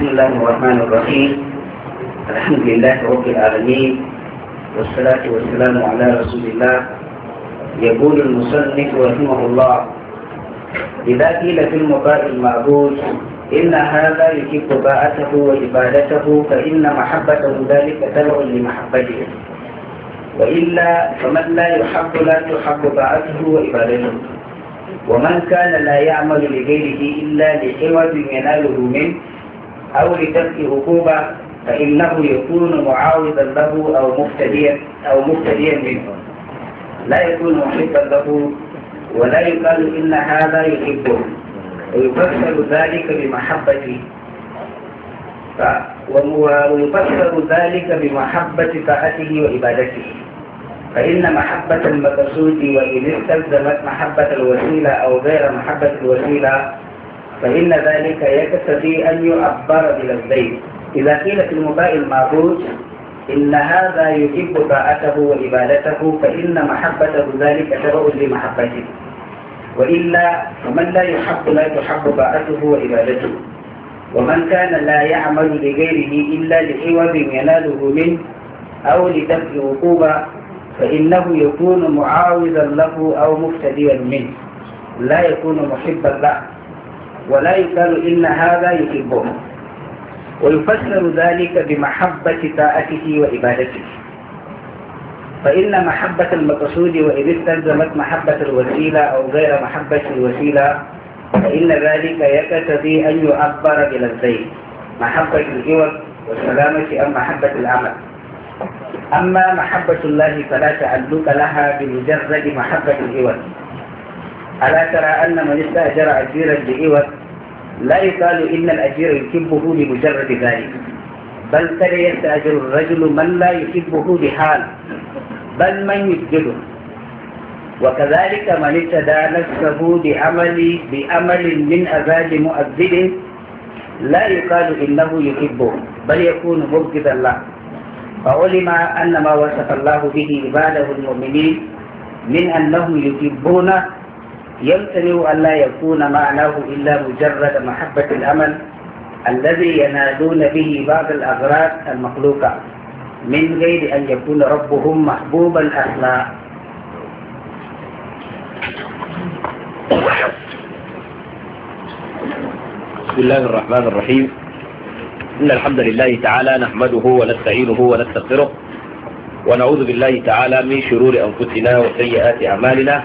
بسم الله الرحمن الرحيم الحمد لله رب العالمين والصلاة والسلام على رسول الله يقول المصنف رحمه الله إذا قيل في المباء المعبود إن هذا يحب باعته وعبادته فإن محبته ذلك تبع لمحبته وإلا فمن لا يحب لا تحب طاعته وعبادته ومن كان لا يعمل لغيره إلا لعوض يناله منه أو لدفع عقوبة فإنه يكون معاوضا له أو مبتديا أو مبتديا منه لا يكون محبا له ولا يقال إن هذا يحبه ويفسر ذلك بمحبته ف... ويفسر ذلك بمحبة طاعته وعبادته فإن محبة المقصود وإن استلزمت محبة الوسيلة أو غير محبة الوسيلة فإن ذلك يكتفي أن يعبر بلفظين إذا قيل في المباء المعبود إن هذا يحب طاعته وعبادته فإن محبته ذلك شرع لمحبته وإلا ومن لا يحب لا تحب طاعته وعبادته ومن كان لا يعمل لغيره إلا لعوض يناله منه أو لدفع عقوبة فإنه يكون معاوضا له أو مفتديا منه لا يكون محبا له ولا يقال إن هذا يحبه ويفسر ذلك بمحبة طاعته وعبادته فإن محبة المقصود وإذا استلزمت محبة الوسيلة أو غير محبة الوسيلة فإن ذلك يقتضي أن يعبر بلذين محبة العوض والسلامة أم محبة العمل أما محبة الله فلا تعلق لها بمجرد محبة العوض ألا ترى أن من استأجر أجيرا بعوض لا يقال إن الأجير يحبه لمجرد ذلك بل ترى يستأجر الرجل من لا يحبه بحال بل من يسجده وكذلك من ابتدى نفسه بعمل بأمل من أذان مؤذن لا يقال إنه يحبه بل يكون مبغضا له فعلم أن ما وصف الله به عباده المؤمنين من أنهم يحبونه يمتنع أن لا يكون معناه إلا مجرد محبة الأمل الذي ينادون به بعض الأغراض المخلوقة من غير أن يكون ربهم محبوب الأخلاق بسم الله الرحمن الرحيم إن الحمد لله تعالى نحمده ونستعينه ونستغفره ونعوذ بالله تعالى من شرور أنفسنا وسيئات أعمالنا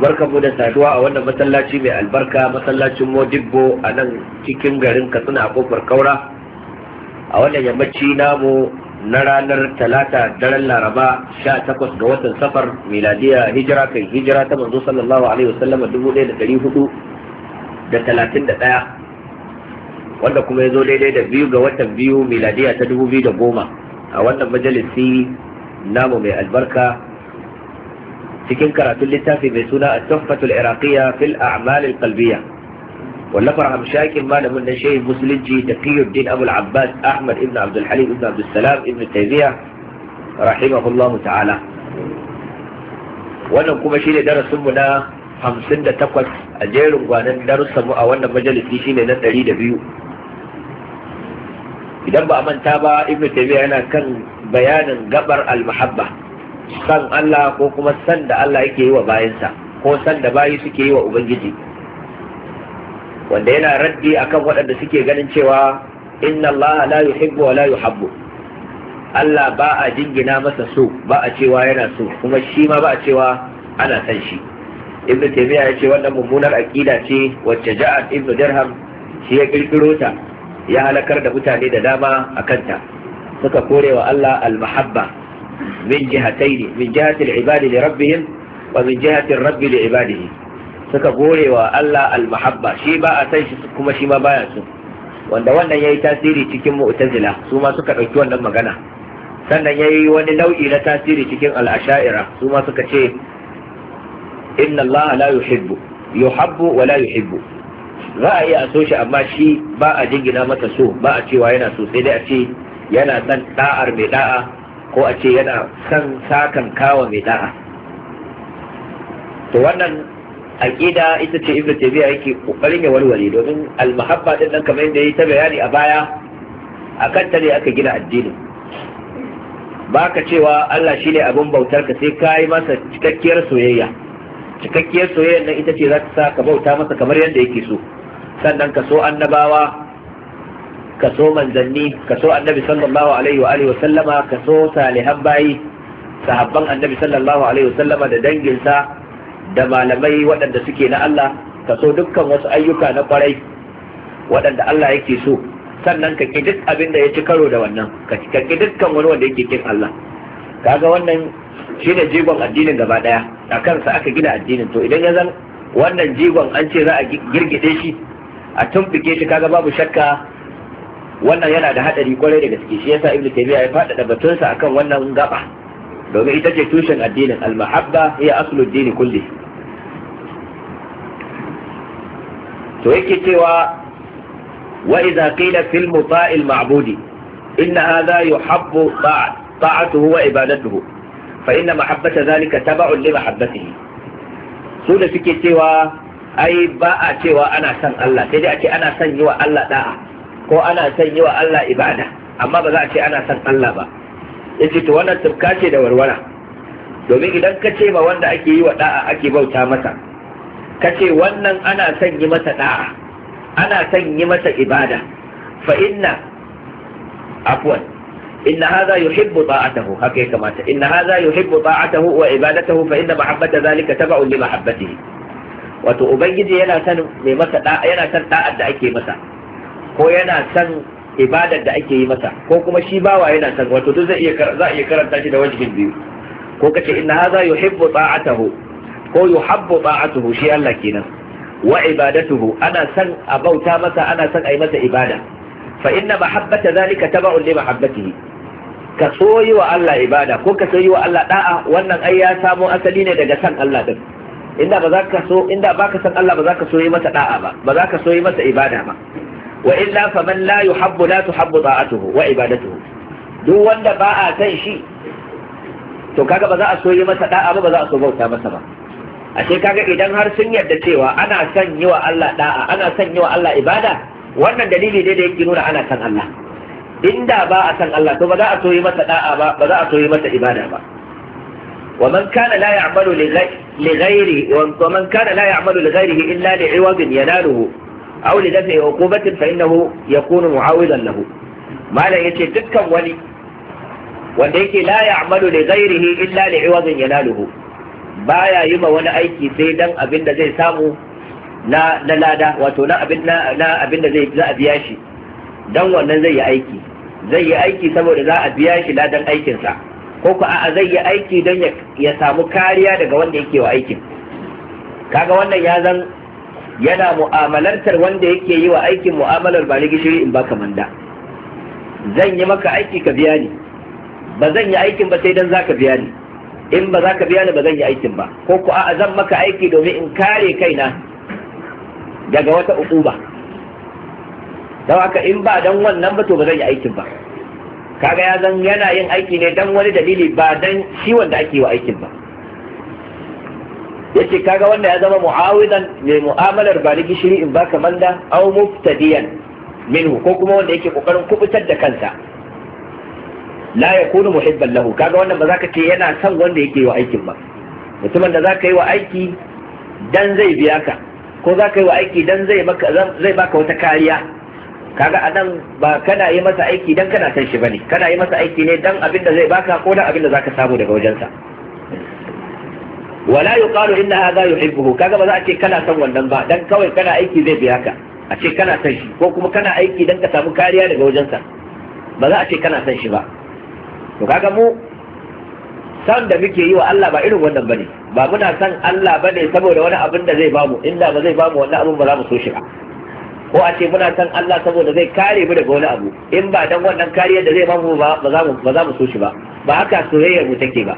barkanmu da saduwa a wannan masallaci mai albarka masallacin modibbo a nan cikin garin katsina a kofar kaura a wannan yammaci namu na ranar talata daren laraba sha takwas ga watan safar miladiya hijira kai hijira ta manzo sallallahu alaihi wasallam dubu ɗaya da ɗari hudu da talatin da ɗaya wanda kuma ya zo daidai da biyu ga watan biyu miladiya ta dubu biyu da goma a wannan majalisi namu mai albarka cikin karatun littafi mai suna a tuhfatul iraqiyya fil a'mal al-qalbiyya wallafar hamshakin malamin na shehin musulunci da qiyuddin abul abbas ahmad ibn abdul halim ibn abdul salam ibn taymiya rahimahullahu ta'ala wannan kuma shine darasin mu na 58 a jerin gwanan darussan mu a wannan majalisi shine na 102 idan ba a manta ba ibnu tabi'a yana kan bayanin gabar al muhabba san Allah ko kuma san da Allah yake yi wa bayansa ko san da bayi suke yi wa ubangiji wanda yana raddi akan waɗanda suke ganin cewa inna Allah la yuhibbu wa la yuhabbu Allah ba a jingina masa so ba a cewa yana so kuma shi ma ba a cewa ana san shi Ibn Taymiyyah ya ce wannan mummunar aqida ce wacce ja'at Ibn dirham shi ya kirkiro ta ya halakar da mutane da dama a kanta suka kore Allah al-mahabba min jihataini min jihati al-ibadi li rabbihim wa min jihati ar-rabbi li ibadihi suka gorewa Allah al-mahabba shi ba a san shi kuma shi ma baya so wanda wannan yayi tasiri cikin mu'tazila su ma suka dauki wannan magana sannan yayi wani nau'i na tasiri cikin al-asha'ira su ma suka ce inna Allah la yuhibbu yuhabbu wa la yuhibbu za a iya a so shi amma shi ba a jingina masa so ba a cewa yana so sai dai a ce yana son da'ar mai da'a ko a ce yana son sakan kawa mai da'a to wannan aƙida ita ce ibnu tabiya yake kokarin ya warware domin al-mahabba din nan kamar yadda yayi ta bayani a baya akan ta ne aka gina addini baka cewa Allah shine abin bautar ka sai kai masa cikakkiyar soyayya cikakkiyar soyayya nan ita ce za ta sa ka bauta masa kamar yadda yake so sannan ka so annabawa ka so manzanni ka so annabi sallallahu ka so salihan bayi sahabban annabi sallallahu alaihi da danginsa da malamai waɗanda suke na Allah ka so dukkan wasu ayyuka na kwarai waɗanda Allah yake so sannan ka ki duk abin da ya ci karo da wannan ka ki dukkan wani wanda yake kin Allah kaga wannan shine jigon addinin gaba daya a kansa aka gina addinin to idan ya zan wannan jigon an ce za a girgide shi a tumfike shi kaga babu shakka wannan yana da hadari kwarai da gaske shi yasa ibnu taymiya ya fadada batunsa akan wannan gaba domin ita ce tushen addinin al-mahabba hiya aslu ad kulli to yake cewa wa idza qila fil muta'i al-ma'budi inna hadha yuhabbu ta'atuhu wa ibadatuhu fa inna mahabbata dhalika tab'un li mahabbatihi su da suke cewa ai ba a cewa ana son Allah sai dai a ce ana son yi wa Allah da'a ko ana son yi wa Allah ibada amma ba za a ce ana son Allah ba yace to wannan tufka ce da warwara domin idan ka ce ma wanda ake yi wa da'a ake bauta masa ka ce wannan ana son yi masa da'a ana son yi masa ibada fa inna afwan inna hadha yuhibbu ta'atahu haka ya kamata inna hadha yuhibbu ta'atahu wa ibadatahu fa inna mahabbata zalika tabu li mahabbatihi wato ubangiji yana san mai masa da'a yana san da'a da ake masa ko yana san ibadar da ake yi masa ko kuma shi bawa yana san wato duk zai iya za iya karanta shi da wajihin biyu ko kace inna hadha yuhibbu ta'atahu ko yuhabbu ta'atuhu shi Allah kenan wa ibadatuhu ana san a bauta masa ana san a yi masa ibada fa inna mahabbata zalika tab'un li mahabbatihi ka so yi wa Allah ibada ko ka so yi wa Allah da'a wannan ai ya samo asali ne daga san Allah din inda ba za ka so inda baka san Allah ba za ka so yi masa da'a ba ba za ka so yi masa ibada ba wa illa faman la yuhabbu la tuhabbu ta'atuhu wa ibadatuhu duk wanda ba a san shi to kaga ba za a so yi masa da'a ba ba za a so bauta masa ba ashe kaga idan har sun yarda cewa ana san yi wa Allah da'a ana san yi wa Allah ibada wannan dalili ne da yake nuna ana san Allah inda ba a san Allah to ba za a so yi masa da'a ba ba za a so yi masa ibada ba ومن كان لا يعمل لغيره ومن كان لا يعمل لغيره إلا لعوض يناله aw li dafi uqubatin fa innahu yakunu mu'awidan lahu malam yace dukkan wani wanda yake la ya'malu li ghairihi illa li 'iwadin yanaluhu baya yi ma wani aiki sai dan abin da zai samu na na lada wato na abin na abin da zai za a biya shi dan wannan zai yi aiki zai yi aiki saboda za a biya shi ladan aikinsa ko ku a'a zai yi aiki don ya samu kariya daga wanda yake wa aikin kaga wannan ya zan yana mu'amalantar wanda yake yi wa aikin mu'amalar ba ni gishiri in baka manda zan yi maka aiki ka biya ni ba zan yi aikin ba sai dan zaka biya ni in ba zaka biya ni ba zan yi aikin ba ko ku a'a zan maka aiki domin in kare kaina daga wata ukuba dan haka in ba dan wannan ba to ba zan yi aikin ba kaga ya zan yana yin aiki ne dan wani dalili ba dan shi wanda ake yi wa aikin ba ya ce kaga wanda ya zama mu'awidan mai mu'amalar ba ni gishiri in baka manda au muftadiyan minhu ko kuma wanda yake kokarin kubutar da kansa la kunu muhibban lahu kaga wannan ba zaka ce yana son wanda yake wa aikin ba mutumin da zaka yi wa aiki dan zai biya ka ko zaka yi wa aiki dan zai maka zai baka wata kariya kaga anan ba kana yi masa aiki dan kana san shi bane kana yi masa aiki ne dan abin da zai baka ko dan abin da zaka samu daga wajensa wala yuqalu inna hadha yuhibbuhu kaga ba za a ce kana son wannan ba dan kawai kana aiki zai biya ka a ce kana son shi ko kuma kana aiki dan ka samu kariya daga wajensa ba za a ce kana son shi ba to kaga mu san da muke yi wa Allah ba irin wannan bane ba muna san Allah bane saboda wani abin da zai bamu inda ba zai bamu wannan abin ba za mu so shi ba ko a ce muna san Allah saboda zai kare mu daga wani abu in ba dan wannan kariyar da zai bamu ba ba za mu so shi ba ba haka soyayyar mu take ba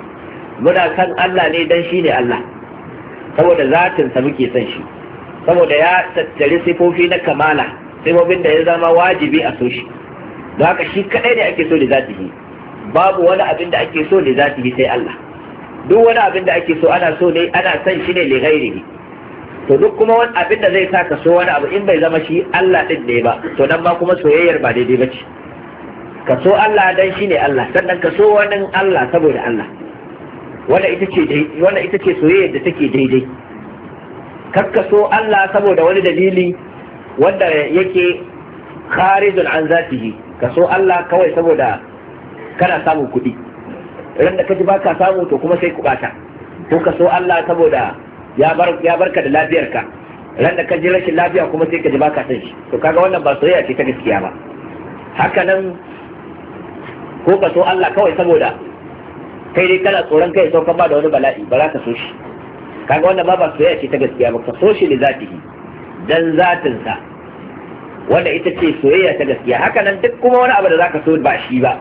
muna kan Allah ne dan shi ne Allah saboda zatinsa muke san shi saboda ya tattari sifofi na kamala sifofin da ya zama wajibi a so shi don haka shi kadai ne ake so da zatihi babu wani abin da ake so da zatihi sai Allah duk wani abin da ake so ana so ne ana san shi ne li ghairihi to duk kuma wani abin da zai sa so wani abu in bai zama shi Allah din ne ba to nan ma kuma soyayyar ba daidai ba ce ka so Allah dan shi ne Allah sannan ka so wani Allah saboda Allah wanda ita ce wannan soyayya da take daidai karkaso Allah saboda wani dalili wanda yake kharijun an zatihi kaso Allah kawai saboda kana samun kuɗi idan da kaji baka samu to kuma sai kubata ko kaso Allah saboda ya bar ya barka da lafiyarka idan da kaji rashin lafiya kuma sai kaji baka san shi to kaga wannan ba soyayya ce ta gaskiya ba haka nan ko kaso Allah kawai saboda kai dai kana tsoron kai kan ba da wani bala'i ba za ka so shi kaga wannan ba ba soyayya ce ta gaskiya ba ka so shi da zatihi dan zatin wanda ita ce soyayya ta gaskiya haka nan duk kuma wani abu da zaka so ba shi ba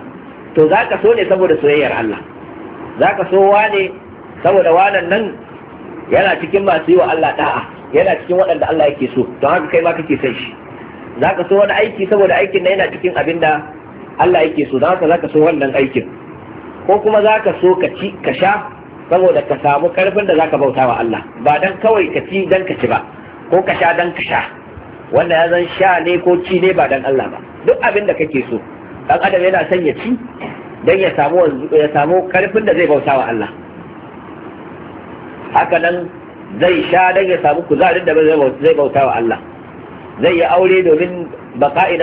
to zaka so ne saboda soyayyar Allah zaka so wane saboda wanan nan yana cikin masu yi wa Allah da'a yana cikin waɗanda Allah yake so don haka kai ma kake son shi zaka so wani aiki saboda aikin na yana cikin abinda da Allah yake so don haka zaka so wannan aikin ko kuma za ka so ka ci ka sha saboda ka samu karfin da za ka bauta wa Allah ba dan kawai ka ci dan ka ci ba ko ka sha dan ka sha wanda ya zan sha ne ko ci ne ba dan Allah ba duk abin da kake so dan adam yana son ya ci dan ya samu ya samu karfin da zai bauta wa Allah haka nan zai sha dan ya samu kuzarin da zai bauta wa Allah zai yi aure domin baqa'i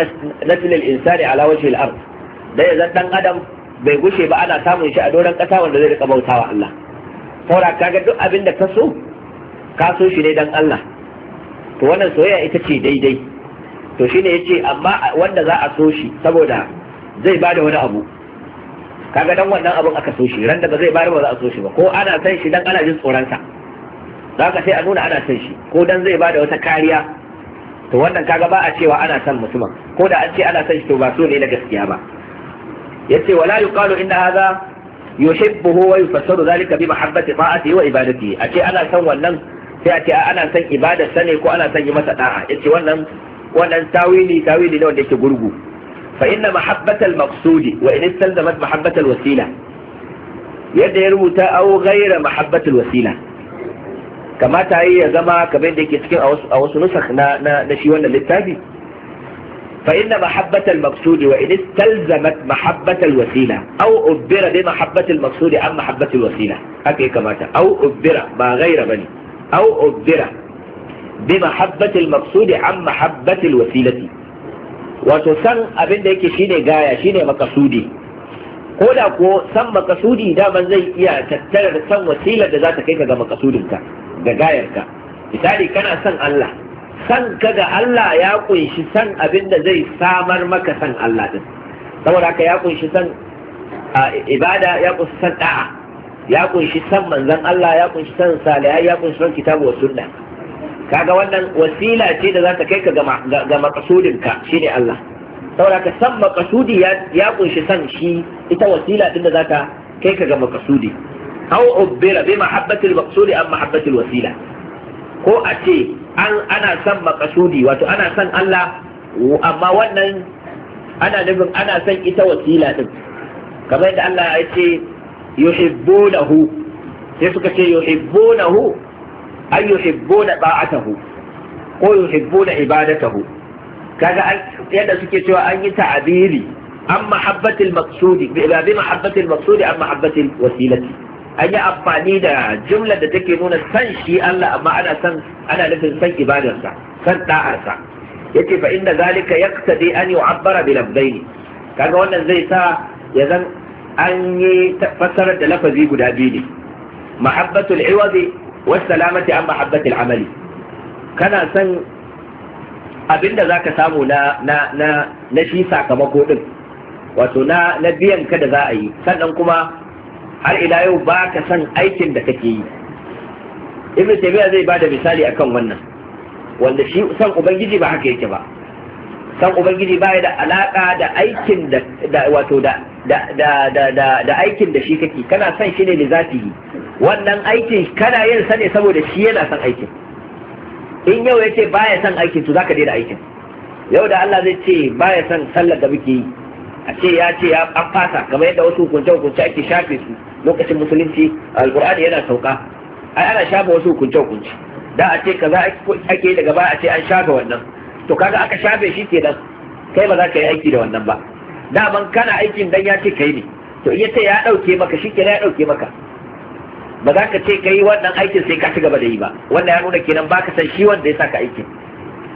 naslil insani ala wajhil ard da ya zan dan adam bai gushe ba ana samun shi a doron kasa wanda zai rika bautawa Allah saura kaga duk abin da ka so ka so shi ne dan Allah to wannan soyayya ita ce daidai to shine yace amma wanda za a so shi saboda zai bada wani abu kaga dan wannan abun aka so shi ran da ba zai bada ba za a so shi ba ko ana san shi dan ana jin tsoron sa zaka sai a nuna ana san shi ko dan zai bada wata kariya to wannan kaga ba a cewa ana san mutumin ko da an ce ana san shi to ba so ne na gaskiya ba yace wala yuqalu inna hadha yuhibbuhu wa yufassaru dhalika bi mahabbati ta'atihi wa ibadatihi a ce ana san wannan sai a ce ana san ibadar sa ne ko ana san yi masa da'a yace wannan wannan tawili tawili ne wanda yake gurgu fa inna mahabbatal maqsudi wa in istalzamat mahabbatal wasila yadda ya rubuta au ghaira mahabbatul wasila kamata yi ya zama kamar da yake cikin a wasu nusakh na na shi wannan littafi فإن محبة المقصود وإن استلزمت محبة الوسيلة أو أبر بمحبة المقصود عن محبة الوسيلة هكي كما أو أبر ما غير بني أو أبر بمحبة المقصود عن محبة الوسيلة وتسن أبن ديك شيني غاية شيني مقصودي ko da ko san makasudi daman zai iya tattara da san wasilar da za ta kai ka ga makasudinka ga gayarka misali kana son Allah san ka ga Allah ya kunshi san abin da zai samar maka san Allah din saboda ka ya kunshi san ibada ya kunshi san da'a ya kunshi san manzon Allah ya kunshi san salihai ya kunshi san kitabu wa sunna kaga wannan wasila ce da za ta kai ka ga maqsudin ka shine Allah saboda ka san maqsudi ya kunshi san shi ita wasila din da za ta kai ka ga maqsudi aw ubbira bi mahabbati al-maqsudi am mahabbati al-wasila ko a ce ana son makasudi wato ana son Allah amma wannan ana nufin ana son ita wasila din kamar yadda Allah ya ce yuhibbunahu sai suka ce yuhibbunahu ay yuhibbuna ta'atahu ko yuhibbuna ibadatahu kaga yadda suke cewa an yi ta'abiri an mahabbatil maqsudi bi mahabbatil maqsudi an mahabbatil wasilati an yi amfani da jumlar da take nuna san shi Allah amma ana san ana nufin san ibadarsa san da'arsa yace fa inda zalika yaqtadi an yu'abbara bi Ka kaga wannan zai sa ya zan an yi fassarar da lafazi guda biyu ne mahabbatul iwazi was salamati an mahabbatul amali kana san abinda zaka samu na na na na shi sakamako din wato na na biyan ka da za a yi sannan kuma har ila yau ba ka san aikin da kake yi ibn taymiya zai bada misali akan wannan wanda shi san ubangiji ba haka yake ba san ubangiji ba da alaka da aikin da wato da da aikin da shi kake kana san shi ne da zatihi wannan aikin kana yin sa ne saboda shi yana san aikin in yau yace baya san aikin to zaka da aikin yau da Allah zai ce baya san sallar da muke yi a ce ya ce ya an fasa kamar yadda wasu hukunce hukunce ake shafe su lokacin musulunci alkur'ani yana sauka ai ana shafa wasu hukunce hukunce da a ce kaza ake daga baya a ce an shafe wannan to kaga aka shafe shi kenan kai ba za ka yi aiki da wannan ba daman kana aikin dan ya ce kai ne to iya ce ya dauke maka shi kenan ya dauke maka ba za ka ce ka yi wannan aikin sai ka ci gaba da yi ba wannan ya nuna kenan baka san shi wanda ya saka aikin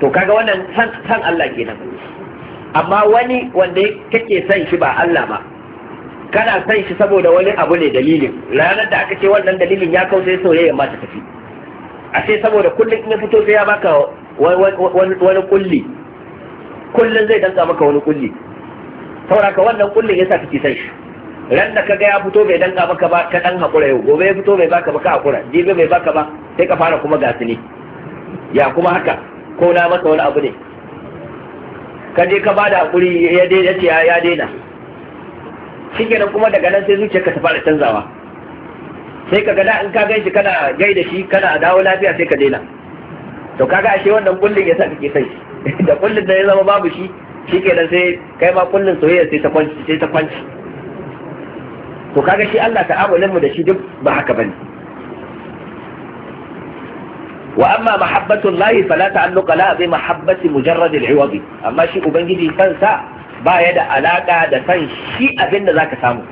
to kaga wannan san Allah kenan amma wani wanda kake san shi ba Allah ba kana san shi saboda wani abu ne dalilin ranar da aka ce wannan dalilin ya kau sai soyayya ma ta tafi a sai saboda kullum in ya fito sai ya baka wani kulli kullum zai danka maka wani kulli sauraka wannan kullin yasa kake san shi ran da kaga ya fito bai danka maka ba ka dan hakura yau gobe ya fito bai baka ba ka hakura jibi bai baka ba sai ka fara kuma gasu ne ya kuma haka ko na masa wani abu ne ka je ka ba da haƙuri ya daina ce ya daina shi kenan kuma daga nan sai zuciyarka ta fara canzawa sai ka gada in ka gan shi kana gaida shi kana dawo lafiya sai ka daina to kaga ashe wannan kullun yasa kake sai da kullun da ya zama babu shi shi kenan sai kai ma kullun soyayya sai ta kwanci sai ta kwanci to kaga shi Allah ta'amulin mu da shi duk ba haka bane wa amma mahabbatul lahi fala ta'alluqa la bi mahabbati mujarrad al amma shi ubangiji kansa baya da alaka da san shi abinda zaka samu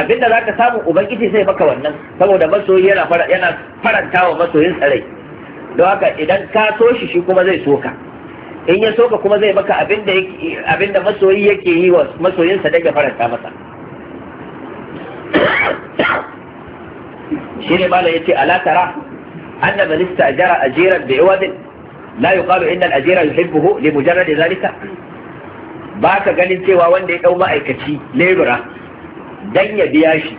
abinda zaka samu ubangiji sai maka wannan saboda masoyi yana yana faranta wa masoyin tsare don haka idan ka so shi shi kuma zai soka in ya soka kuma zai maka abinda abinda masoyi yake yi wa masoyinsa sa ya faranta masa shi ne malai yace ala tara أن من a أجيرا بعوض لا يقال إن الأجير يحبه لمجرد ذلك baka ganin cewa wanda ya dau ma'aikaci lebura dan ya biya shi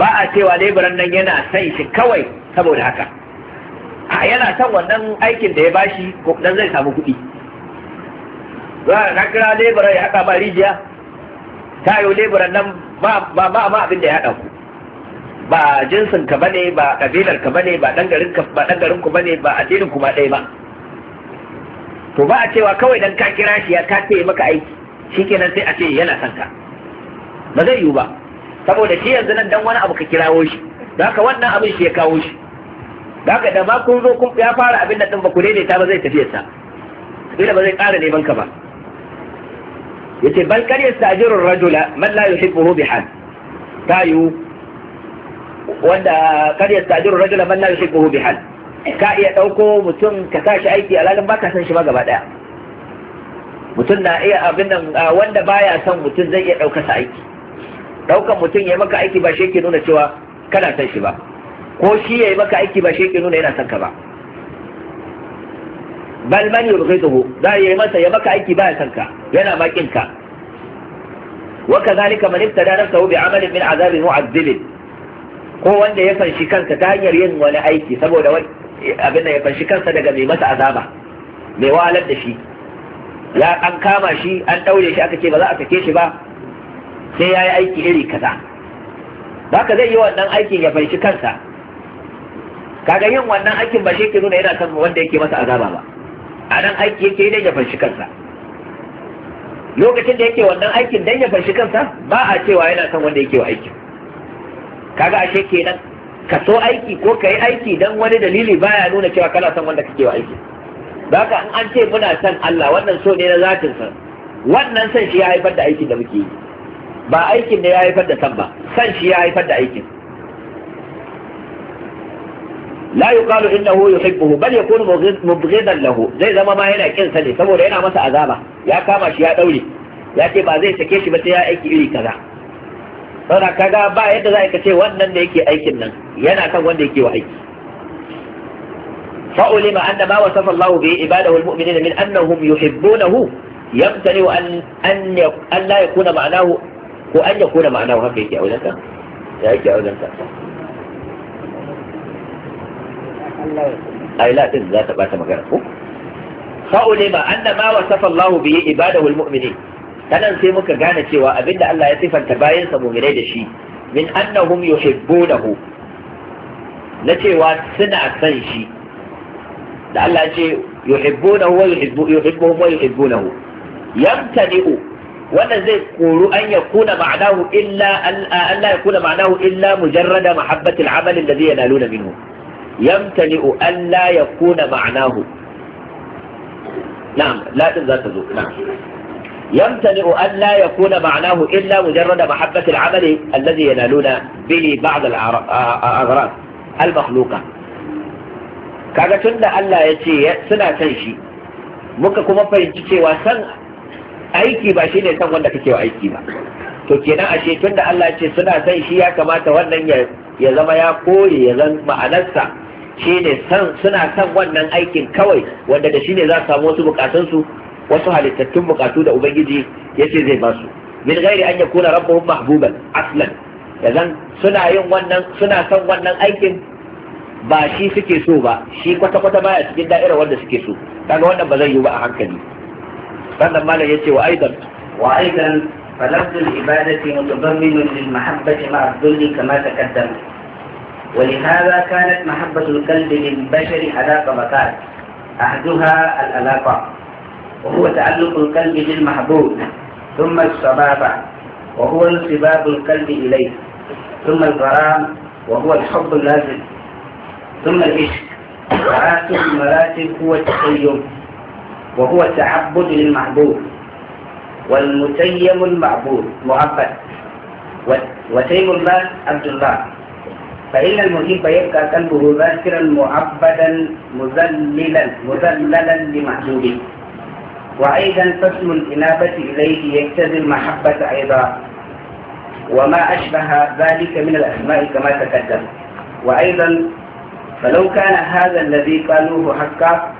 ba a cewa leburan nan yana son shi kawai saboda haka a yana son wannan aikin da ya bashi ko dan zai samu kuɗi za ka kira lebura ya haɗa ba rijiya ta yi leburan nan ba ma abin ya haɗa ku ba jinsin ka bane ba kabilar ka bane ba dan garin ka ba dan garin ku bane ba addinin ku ba ɗaya ba to ba a cewa kawai dan ka kira shi ya ka ce maka aiki shikenan sai a ce yana son ka ba zai yiwu ba saboda shi yanzu nan dan wani abu ka kirawo shi da haka wannan abin shi ya kawo shi da haka da ma kun zo kun ya fara abin da din ba ku daidaita ba zai tafi sa ba zai ƙara neman ka ba yace bal kar yastajirur rajula man la yuhibbu bihal ta yiwu wanda kar ya tajiru rajula man la yusibuhu bi hal ka iya dauko mutum ka sa shi aiki alalin baka san shi ba gaba daya mutum na iya abin nan wanda baya son mutum zai iya dauka sa aiki daukan mutum ya maka aiki ba shi yake nuna cewa kana son shi ba ko shi ya yi maka aiki ba shi yake nuna yana son ka ba bal man yubghiduhu za ya yi masa ya maka aiki ba ya son ka yana ma kin ka وكذلك من ابتلى نفسه بعمل min عذاب معذب ko wanda ya fanshi kansa ta hanyar yin wani aiki saboda wani abin da ya fanshi kansa daga mai masa azaba mai wahalar da shi ya an kama shi an daure shi aka ce ba za a sake shi ba sai ya yi aiki iri kaza haka zai yi wannan aikin ya fanshi kansa kaga yin wannan aikin ba shi ke nuna yana son wanda yake masa azaba ba a nan aiki yake yi ya fanshi kansa lokacin da yake wannan aikin dan ya fanshi kansa ba a cewa yana son wanda yake wa aikin kaga ashe kenan ka so aiki ko ka yi aiki dan wani dalili baya nuna cewa kana son wanda kake wa aiki haka in an ce muna son Allah wannan so ne na zatin sa wannan son shi ya haifar da aikin da muke yi ba aikin ne ya haifar da son ba son shi ya haifar da aikin la yuqalu innahu yuhibbuhu bal yakunu mubghidan lahu zai zama ma yana kin sa ne saboda yana masa azaba ya kama shi ya daure ya ce ba zai sake shi ba sai ya aiki iri kaza saboda kaga ba yadda za ka ce wannan da yake aikin nan yana kan wanda yake wa aiki فعلم أن ما وصف الله به عباده المؤمنين من أنهم يحبونه يمتنع أن أن أن لا يكون معناه وأن يكون معناه هم يا أو لك يجي أي لا تنسى ذات بات مكانه فعلم أن ما وصف الله به عباده المؤمنين kanan sai muka gane cewa abinda Allah ya sifanta bayan sa mu'minai da shi min annahum yuhibbunahu na cewa suna son shi da Allah ya ce yuhibbunahu wa yuhibbuhum wa yuhibbunahu yamtani'u wannan zai koru an yakuna ma'anahu illa an ya kuna ma'anahu illa mujarrada mahabbati al-amal alladhi yanaluna minhu yamtani'u an la yakuna ma'anahu na'am la din za ta zo na'am يمتنع أن لا يكون معناه إلا مجرد محبة العمل الذي ينالون به بعض الأغراض المخلوقة kaga tun da Allah ya ce suna san shi muka kuma fahimci cewa san aiki ba shi ne san wanda kake wa aiki ba to kenan ashe tun da Allah ya ce suna san shi ya kamata wannan ya zama ya koye ya zan ma'anarsa shi ne suna san wannan aikin kawai wanda da shi ne za su samu wasu bukatunsu wasu halittattun bukatu da ubangiji yace zai ba su min gairi an yakuna rabbuhum mahbuban aslan yazan suna yin wannan suna son wannan aikin ba shi suke so ba shi kwata kwata baya cikin da'ira wanda suke so kaga wannan ba zai yi ba a hankali sannan malam yace wa aidan wa aidan فلفظ العبادة متضمن للمحبة مع الذل كما تقدم ولهذا كانت محبة الكلب للبشر على طبقات أحدها العلاقة وهو تعلق القلب بالمحبوب ثم الصبابة وهو انصباب القلب إليه ثم الغرام وهو الحب اللازم ثم العشق وآخر المراتب هو التقيم وهو التعبد للمحبوب والمتيم المعبود معبد وتيم الله عبد الله فإن المحب يبقى قلبه ذاكرا معبدا مذللا مذللا لمحبوبه وأيضا قسم الإنابة إليه يقتضي المحبة أيضا وما أشبه ذلك من الأسماء كما تقدم وأيضا فلو كان هذا الذي قالوه حقا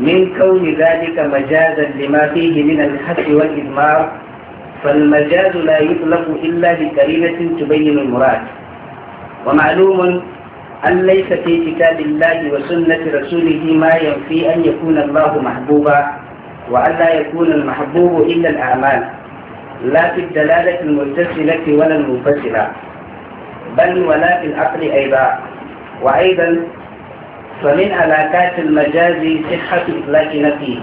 من كون ذلك مجازا لما فيه من الحس والإدمار فالمجاز لا يطلق إلا بكلمة تبين المراد ومعلوم أن ليس في كتاب الله وسنة رسوله ما ينفي أن يكون الله محبوبا وألا يكون المحبوب إلا الأعمال لا في الدلالة المتصلة ولا المنفصلة بل ولا في العقل أيضا وأيضا فمن علاقات المجاز صحة إطلاق نفيه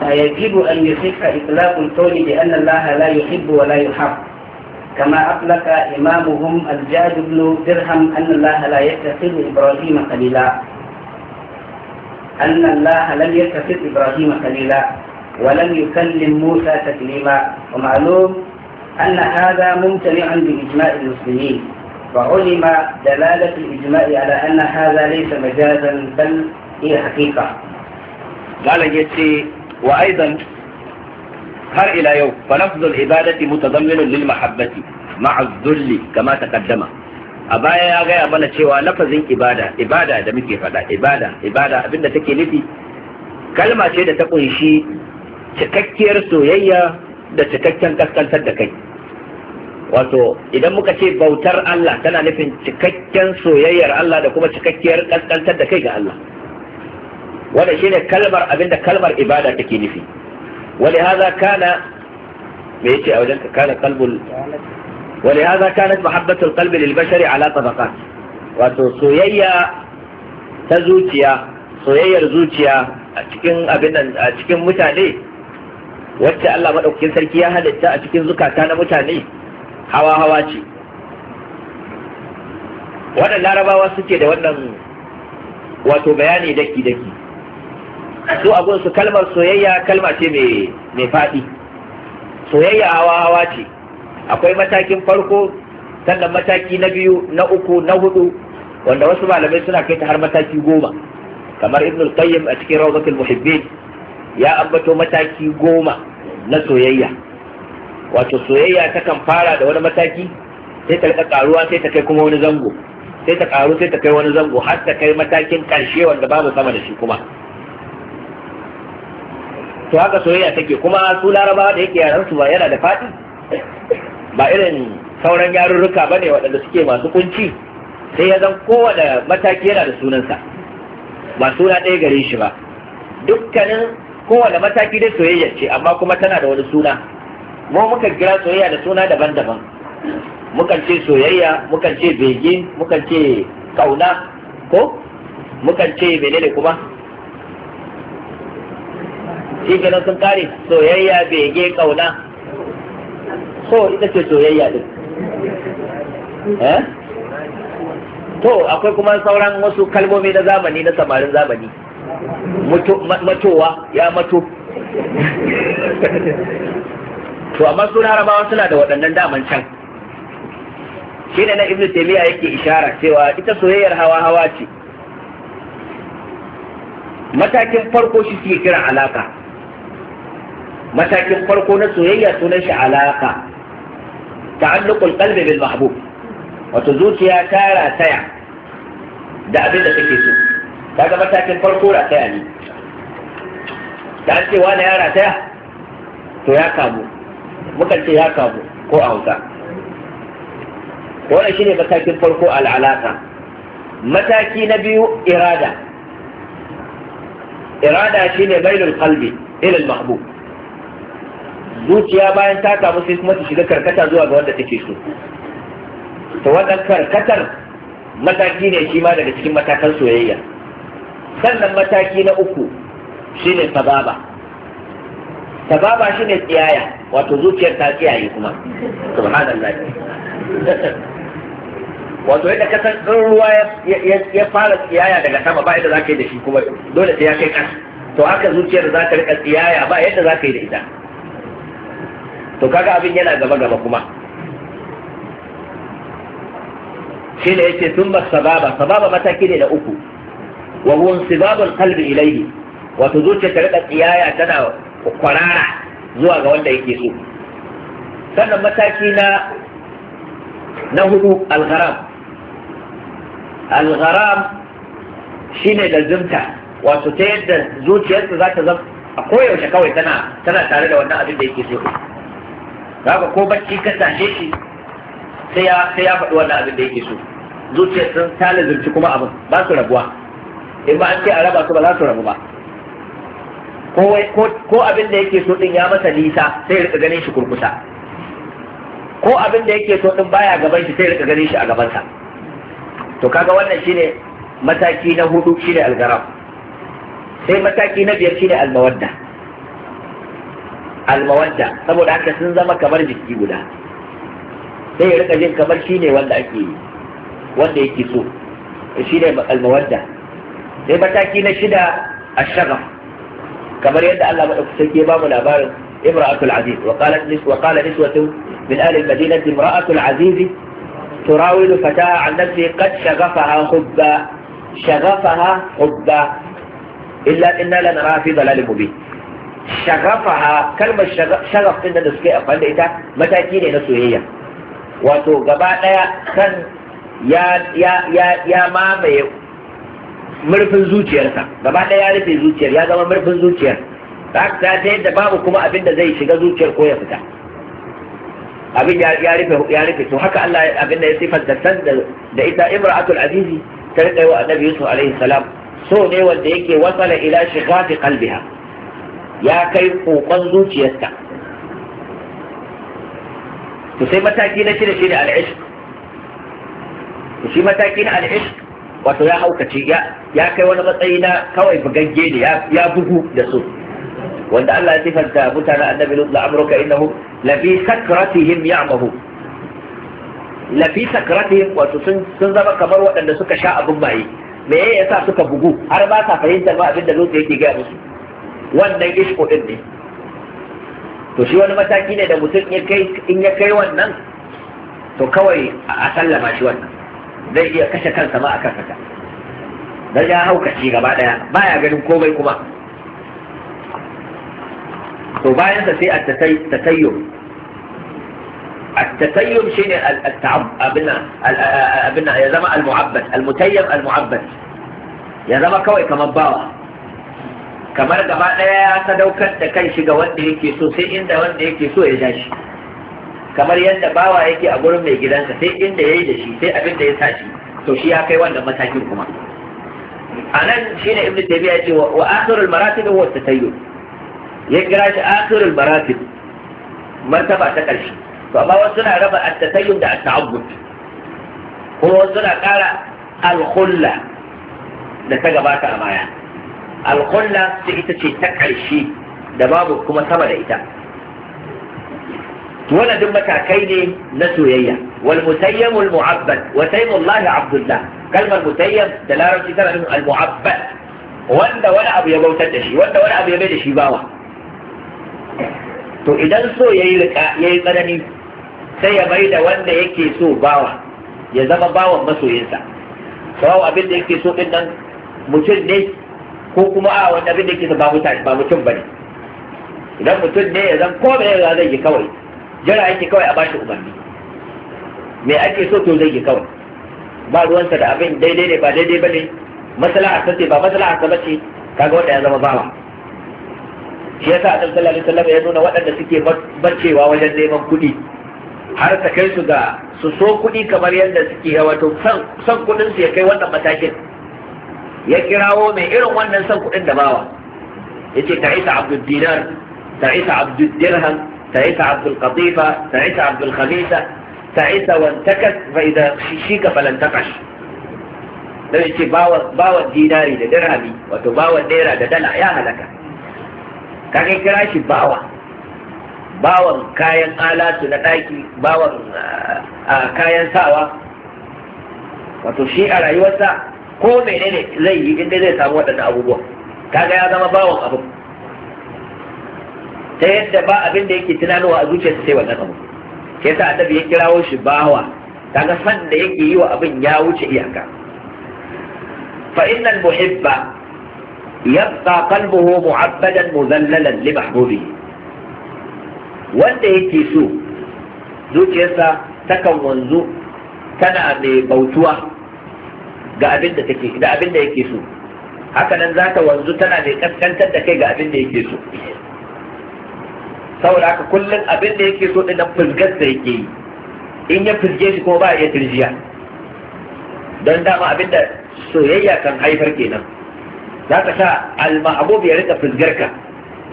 فيجب أن يصح إطلاق الكون بأن الله لا يحب ولا يحب كما أطلق إمامهم الجاد بن درهم أن الله لا يتخذ إبراهيم قليلاً أن الله لم يتخذ إبراهيم خليلا ولم يكلم موسى تكليما ومعلوم أن هذا ممتنع بإجماع المسلمين وعلم دلالة الإجماع على أن هذا ليس مجازا بل هي حقيقة قال جيتي وأيضا هر إلى يوم فلفظ العبادة متضمن للمحبة مع الذل كما تقدم a baya ya gaya mana cewa lafazin ibada ibada da muke faɗa ibada ibada abinda take nufi kalma ce da ta kunshi cikakkiyar soyayya da cikakken kaskantar da kai wato idan muka ce bautar Allah tana nufin cikakken soyayyar Allah da kuma cikakkiyar kaskantar da kai ga Allah wanda shine kalmar abinda kalmar ibada take nufi wani haza kana me yace a wajen kana kalbul Wani ولهذا كانت محبة القلب للبشر على طبقات وتسويا تزوجيا soyayyar zuciya a cikin abin nan a cikin mutane wacce Allah Maɗaukin sarki ya halitta a cikin zukata na mutane hawa hawa ce wannan larabawa suke da wannan wato bayani daki daki su abun su kalmar soyayya kalma ce mai faɗi soyayya hawa hawa ce akwai matakin farko sannan mataki na biyu na uku na hudu wanda wasu malamai suna kai ta har mataki goma kamar ibn qayyim a cikin rawdatul muhibbin ya ambato mataki goma na soyayya wato soyayya ta kan fara da wani mataki sai ta karuwa sai ta kai kuma wani zango sai ta karu sai ta kai wani zango har ta kai matakin karshe wanda babu sama da shi kuma to haka soyayya take kuma su larabawa da yake yaran su ba yana da fadi ba irin sauran yarurruka ba ne waɗanda suke masu kunci sai ya zan kowane mataki yana da sunansa ba suna ɗaya gare shi ba dukkanin kowane mataki dai soyayya ce amma kuma tana da wani suna mu muka kira soyayya da suna daban-daban mukan ce soyayya mukan ce bege mukan ce kauna ko mukan ce menene kuma shi kenan sun kare soyayya bege kauna so ita ce soyayya din eh to akwai kuma sauran wasu kalmomi na zamani na samarin zamani matowa ya mato to amma su rabawa suna da waɗannan daman can shi ne na ibn taymiya yake ishara cewa ita soyayyar hawa hawa ce matakin farko shi suke kiran alaka matakin farko na soyayya sunan shi alaka ta'alluqul qalbi bil mahbub wato zuciya ta rataya da abin da kake so ga matakin farko rataya ne da an ce wani ya rataya to ya kamu mukan ce ya kamu ko a hausa wannan shine matakin farko al'alaka mataki na biyu irada irada shine bainul qalbi ila al-mahbub zuciya bayan ta samu sai kuma ta shiga karkata zuwa ga wanda take so to wannan karkatar mataki ne shi ma daga cikin matakan soyayya sannan mataki na uku shine sababa sababa shine tsiyaya wato zuciyar ta tsiyaye kuma subhanallah wato yadda kasan ɗin ruwa ya fara tsiyaya daga sama ba yadda za ka yi da shi kuma dole sai ya kai ƙasa to haka zuciyar za ta riƙa tsiyaya ba yadda za ka yi da ita to kaga abin yana gaba gaba kuma shi ne yake sun ba sababa sababa mataki ne na uku wa huwa sibabul qalbi ilayhi wato zuciya ta rika tsiyaya tana kwarara zuwa ga wanda yake so sannan mataki na na hudu algharam algharam ne da zumta wato ta yadda zuciyarsa za ta zama a koyaushe kawai tana tana tare da wannan abin da yake so haka ko bacci ka tashe shi sai ya sai ya faɗi wannan abin da yake so zuciyar sun ta lazurci kuma abin ba su rabuwa in ba an ce a raba su ba za su rabu ba ko abin da yake so din ya masa nisa sai rika ganin shi kurkusa ko abin da yake so din baya gaban shi sai rika ganin shi a gaban sa. to kaga wannan shine mataki na hudu shine algaram sai mataki na biyar shine almawadda almawadda saboda haka sun zama kamar jiki guda sai ya rika jin kamar shi ne wanda ake wanda yake so shi ne almawadda sai mataki na shida a shaga kamar yadda Allah maɗaukaki ba mu labarin imra'atul aziz wa qalat nis wa qala niswatu min ahli al-madinati imra'atul aziz تراود فتاها عن نفسه قد شغفها حبا شغفها حبا إلا إنا لنراها في ضلال mubin shagafaha kalmar shagaf din da suke amfani da ita mataki ne na soyayya wato gaba ɗaya kan ya mamaye murfin zuciyarsa gaba ɗaya ya rufe zuciyar ya zama murfin zuciyar ta ta yadda babu kuma abin da zai shiga zuciyar ko ya fita abin ya rufe ya rufe to haka Allah abin da ya da san da ita imra'atul azizi ta rika yi wa annabi yusuf alaihi salam so ne wanda yake wasala ila shighati qalbiha ya kai kokon zuciyarsa to sai mataki na shida shine al'ishq to shi mataki na al'ishq wato ya haukace ya ya kai wani matsayi na kawai bugagge ne ya bugu da su, wanda Allah ya sifanta mutanen annabi Lut la amruka innahu la fi sakratihim ya'mahu la fi sakratihim wato sun sun zama kamar waɗanda suka sha abin maye me yasa suka bugu har ba sa fahimtar ma abin da Lut yake gaya musu wannan ishku din ne to shi wani mataki ne da mutum in ya kai wannan to kawai a sallama shi wannan zai iya kashe kansa ma a kan haka dan ya hauka shi gaba daya baya ganin komai kuma to bayan sa sai at-tatayyum التتيم شيء التعب ابنا ابنا يا زما المعبد المتيم المعبد يا زما كوي كمان باوة kamar gaba ɗaya ya sadaukar da kan shiga ga wanda yake so sai inda wanda yake so ya ja shi kamar yadda bawa yake a gurin mai gidansa sai inda ya yi da shi sai abin da ya sa shi to shi ya kai wannan matakin kuma a nan shi ne ibn tabiya ya ce wa akhirul maratib huwa tatayyur ya kira shi akhirul maratib martaba ta karshe to amma wasu suna raba at-tatayyur da at-ta'abbud kuma wasu suna kara al-khulla da ta gabata a baya alƙulla sai ita ce ta ƙarshe da babu kuma sama da ita wannan matakai ne na soyayya wal mutayyam al mu'abbad wa taymullah abdullah kalmar mutayyam da larabci tana nufin al mu'abbad wanda wani abu ya bautar da shi wanda wani abu ya bai da shi bawa to idan so yayi rika yayi tsanani sai ya bai da wanda yake so bawa ya zama bawan masoyinsa sawa abin da yake so din nan mutum ne ko kuma a wani abin da ke ba mutane ba mutum bane idan mutum ne ya zan ko me ya zai yi kawai jira yake kawai a bashi umarni me ake so to zai yi kawai ba ruwansa da abin daidai ne ba daidai bane maslaha ta ce ba maslaha ta bace kaga wanda ya zama bawa shi yasa annabi sallallahu alaihi wasallam ya nuna waɗanda suke bacewa wajen neman kuɗi har ta kai su ga su so kuɗi kamar yadda suke yawa to san kuɗinsu ya kai wannan matakin ya kirawo mai irin wannan san kuɗin da bawa Ya ce yace isa abdul dinar ta isa abdul dirham isa abdul qatifa isa abdul khamisa ta isa wantakas fa idan shika falan takash dan yace bawa bawa dinari da dirhami wato bawa naira da dala ya halaka kage kira shi bawa bawan kayan alatu na ɗaki bawan ah, ah, kayan sawa wato shi a rayuwarsa ko menene zai yi inda zai samu waɗannan abubuwa kaga ya zama bawan abu ta yadda ba abin da yake tunanowa a zuciyarsa sai wannan abu Ke sa annabi ya kirawo shi bawa kaga san da yake yi wa abin ya wuce iyaka fa innal muhibba yabqa qalbuhu mu'abbadan muzallalan li mahbubi wanda yake so zuciyarsa ta kan wanzu tana mai bautuwa ga abin da take da abin da yake so haka nan za ta wanzu tana mai kaskantar da kai ga abin da yake so saboda haka kullum abin da yake so dinnan fusgar da yake yi in ya fulge shi kuma ba ya turjiya don dama abin da soyayya kan haifar kenan za ka sa alma abu ya rika fusgar ka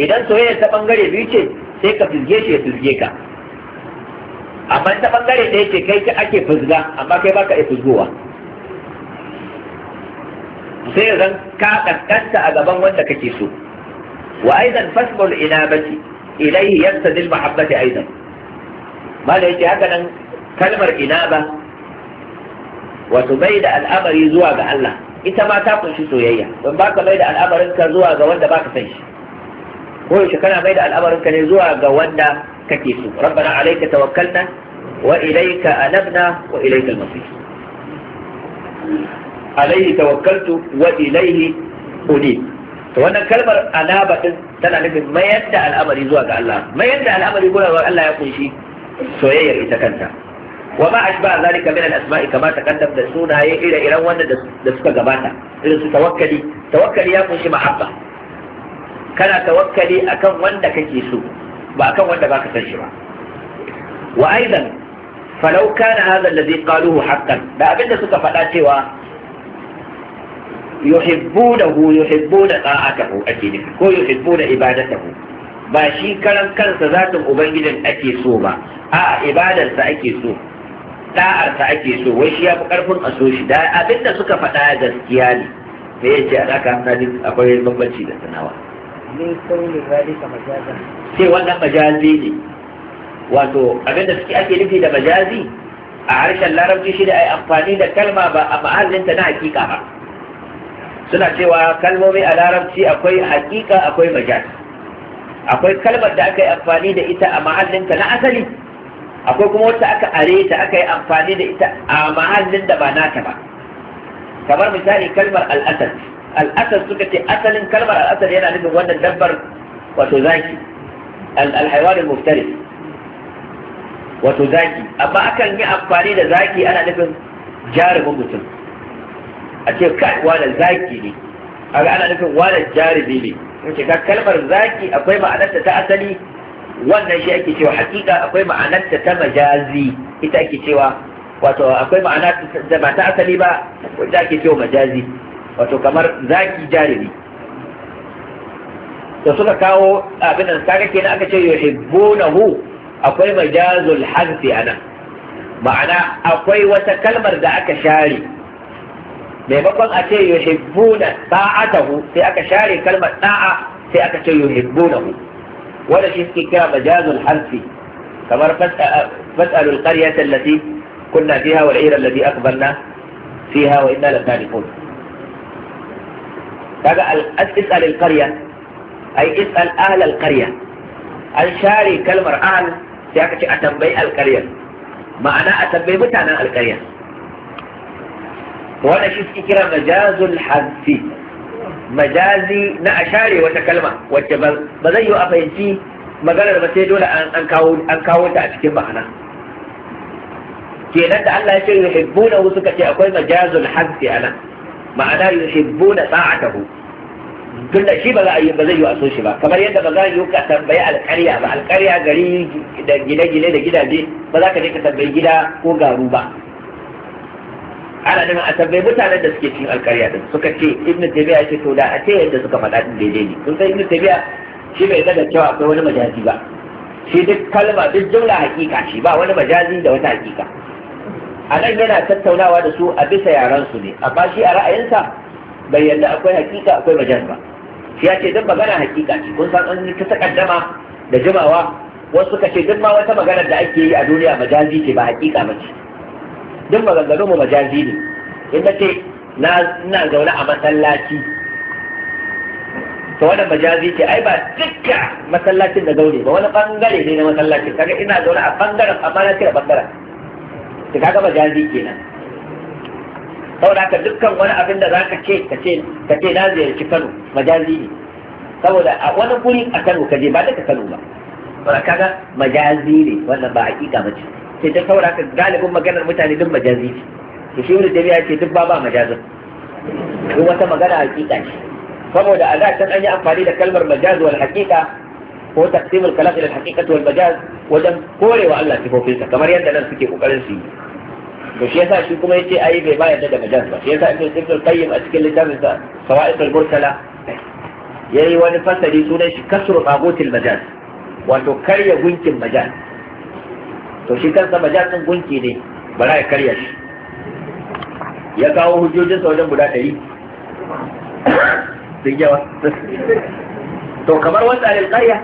idan soyayya ta bangare biyu ce sai ka fulge shi ya fusge ka amma ta bangare ɗaya ce kai ake fusga amma kai baka iya fusgowa sai zan ka kaskanta a gaban wanda kake so wa aidan fasbul inabati ilayhi yastadi al mahabbati aidan mala yace haka nan kalmar ba. wato bai da al'amari zuwa ga Allah ita ma ta kunshi soyayya don baka bai da al'amarin ka zuwa ga wanda baka san shi ko kana bai da al'amarin ka ne zuwa ga wanda kake so rabbana alayka tawakkalna wa ilayka anabna wa ilayka al-masir alaihi tawakkaltu wa ilaihi uni wannan kalmar anaba din tana nufin mayar da al'amari zuwa ga Allah mayar da al'amari zuwa ga Allah ya kunshi soyayyar ita kanta wa ma ashba zalika min al-asma'i kama taqaddam da sunaye ire iren wanda da suka gabata irin su tawakkali tawakkali ya kunshi mahabba kana tawakkali akan wanda kake so ba akan wanda baka san shi ba wa aidan falau kana hadha alladhi qaluhu haqqan da abinda suka faɗa cewa yuhibbunahu yuhibbuna ta'atahu ake nufi ko yuhibbuna ibadatahu ba shi karan kansa zatin ubangijin ake so ba a ibadarsa ake so ta'arsa ake so wai shi ya fi karfin a so shi da abinda suka faɗa gaskiya ne sai ya ce a haka hadin akwai bambanci da sanawa sai wannan majazi ne wato abinda suke ake nufi da majazi a harshen larabci shi da ai amfani da kalma ba a ma'azinta na hakika ba suna cewa kalmomi a larabci akwai hakika akwai majal akwai kalmar da aka yi amfani da ita a mahallinta na asali akwai kuma wata aka are ta aka yi amfani da ita a mahallin da ba nata ba kamar misali kalmar al'asad al'asad suka ce asalin kalmar al'asad yana nufin wannan dabbar wato zaki al-haiwan al wato zaki amma akan yi amfani da zaki ana nufin jarumin mutum a ce kai wani zaki ne ga ana nufin wani jaribi ne in ce ka kalmar zaki akwai ma'anarta ta asali wannan shi ake cewa hakika akwai ma'anarta ta majazi ita ake cewa wato akwai ma'ana da ba ta asali ba wanda ake cewa majazi wato kamar zaki jaribi. da suka kawo abin nan kaga kenan aka ce yuhibbunahu akwai majazul hanfi ana. ma'ana akwai wata kalmar da aka share maimakon a ce yi hibbuna ta'atahu sai aka share kalmar da'a sai aka ce yi yuhibbunahu wanda shi suke kira majazul harfi kamar fas'alul qaryata allati kunna fiha wal ira allati akbarna fiha wa inna latarikun kaga al-is'al al-qarya ay is'al ahl al-qarya an share kalmar ahl sai aka ce a tambayi al-qaryar ma'ana a tambayi mutanen al-qaryar wanda shi suke kira majazul hadfi majazi na a share wata kalma wacce ba zai yi a fahimci maganar ba sai dole an kawo ta a cikin ma'ana kenan da Allah ya ce yuhibbuna wasu kace akwai majazul hadfi anan ma'ana yuhibbuna ta'atahu tunda shi ba za a yi ba zai yi a so shi ba kamar yadda ba za a yi ka tambayi alƙarya ba alƙarya gari da gine-gine da gidaje ba za ka je ka tambayi gida ko garu ba ana nan a tambayi mutanen da suke cikin alƙarya din suka ce ibn tabiya ya ce to da a ce yadda suka faɗa din daidai ne kun san ibn tabiya shi bai daga cewa akwai wani majazi ba shi duk kalma duk jumla hakika shi ba wani majazi da wata hakika a nan yana tattaunawa da su a bisa yaran su ne amma shi a ra'ayinsa bai yadda akwai hakika akwai majazi ba shi ya ce duk magana hakika ce kun san an ta takaddama da jimawa wasu suka ce duk ma wata magana da ake yi a duniya majazi ce ba hakika ba ce duk maganganu mu majazi ne in na ce na zaune a masallaci to wannan majazi ce ai ba dukkan masallacin da zaune ba wani bangare ne na masallacin kaga ina zaune a bangaren amma na cire bangaren to kaga majazi kenan saboda haka dukkan wani abin da zaka ce ka ce ka ce na ziyarci Kano majazi ne saboda a wani guri a Kano ka je ba da Kano ba kaga majazi ne wannan ba hakika ba ce Sai ta saura ka galibin maganar mutane duk majazi ce to shi wani jami'a ce duk ba majazin ko wata magana hakika ce saboda a da can an yi amfani da kalmar majaz wal hakika ko taqsimul kalam ila al haqiqati wal majaz wajen korewa Allah sifofinsa kamar yadda nan suke kokarin su yi to shi yasa shi kuma yace ai bai ba yadda da majaz ba shi yasa ibn ibn qayyim a cikin littafin sa sawa'iq al-mursala yayi wani fasali sunan shi kasru tagutil majaz wato karya gunkin majaz to shi kansa majasin gunki ne ba ya karya shi ya kawo hujjojinsa wajen guda ɗari sun yawa to kamar wanda alƙarya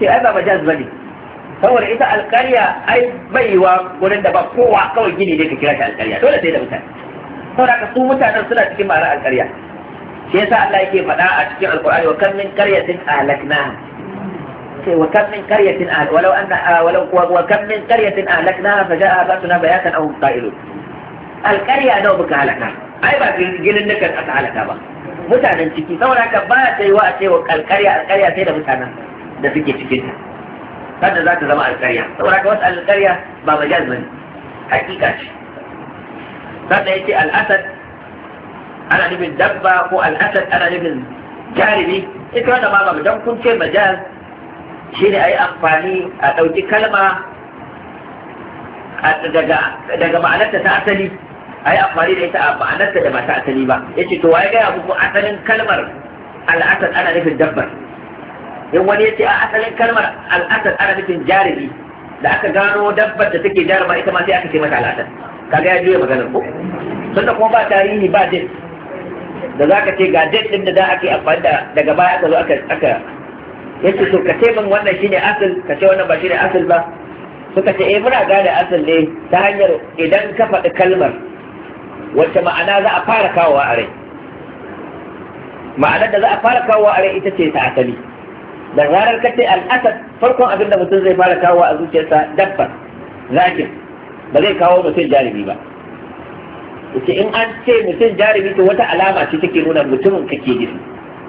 ce ai ba majaz ba ne saboda ita alƙarya ai baiwa gurin da ba kowa kawai gini ne ka kira shi alƙarya dole sai da mutane saboda ka su mutanen suna cikin ma'anar alƙarya shi yasa Allah yake faɗa a cikin alƙur'ani wa kan min qaryatin ahlaknaha وكم من قرية آل آه، ولو أن آه، ولو وكم من قرية أهلكناها فجاء أباتنا بياتا أو قائلون القرية أنا بك أهلكنا أي بعد جل إنك أتعلك أبا مثلا تكي ثورة كبات وقت القرية القرية تيجي مثلا ده تكي تكي هذا ذات زمان القرية ثورة كبات القرية بابا جزمن حقيقة هذا يجي الأسد أنا نبي الدبة هو الأسد أنا نبي جاربي إذا أنا ما بدهم كل شيء shi ne a yi amfani a ɗauki kalma daga ma'anarta ta asali a yi amfani da ita a ma'anarta da ba ta asali ba ya ce to waye gaya muku asalin kalmar al'asar ana nufin dabbar in wani ya ce a asalin kalmar al'asar ana nufin jarumi da aka gano dabbar da take jaruma ita ma sai aka ce mata al'asar kaga ya juya maganar ko sannan kuma ba tarihi ba din da za ka ce ga din da za a ke amfani da daga baya aka zo aka yace to ka ce min wannan shine asal ka ce wannan ba shine asal ba suka ce eh muna gane asal ne ta hanyar idan ka faɗi kalmar wacce ma'ana za a fara kawowa a rai ma'anar da za a fara kawowa a rai ita ce ta asali da zarar ka ce al'asad farkon abin da mutum zai fara kawowa a zuciyarsa dabba zakin ba zai kawo mutum jarumi ba yace in an ce mutum jarumi to wata alama ce take nuna mutumin kake gifi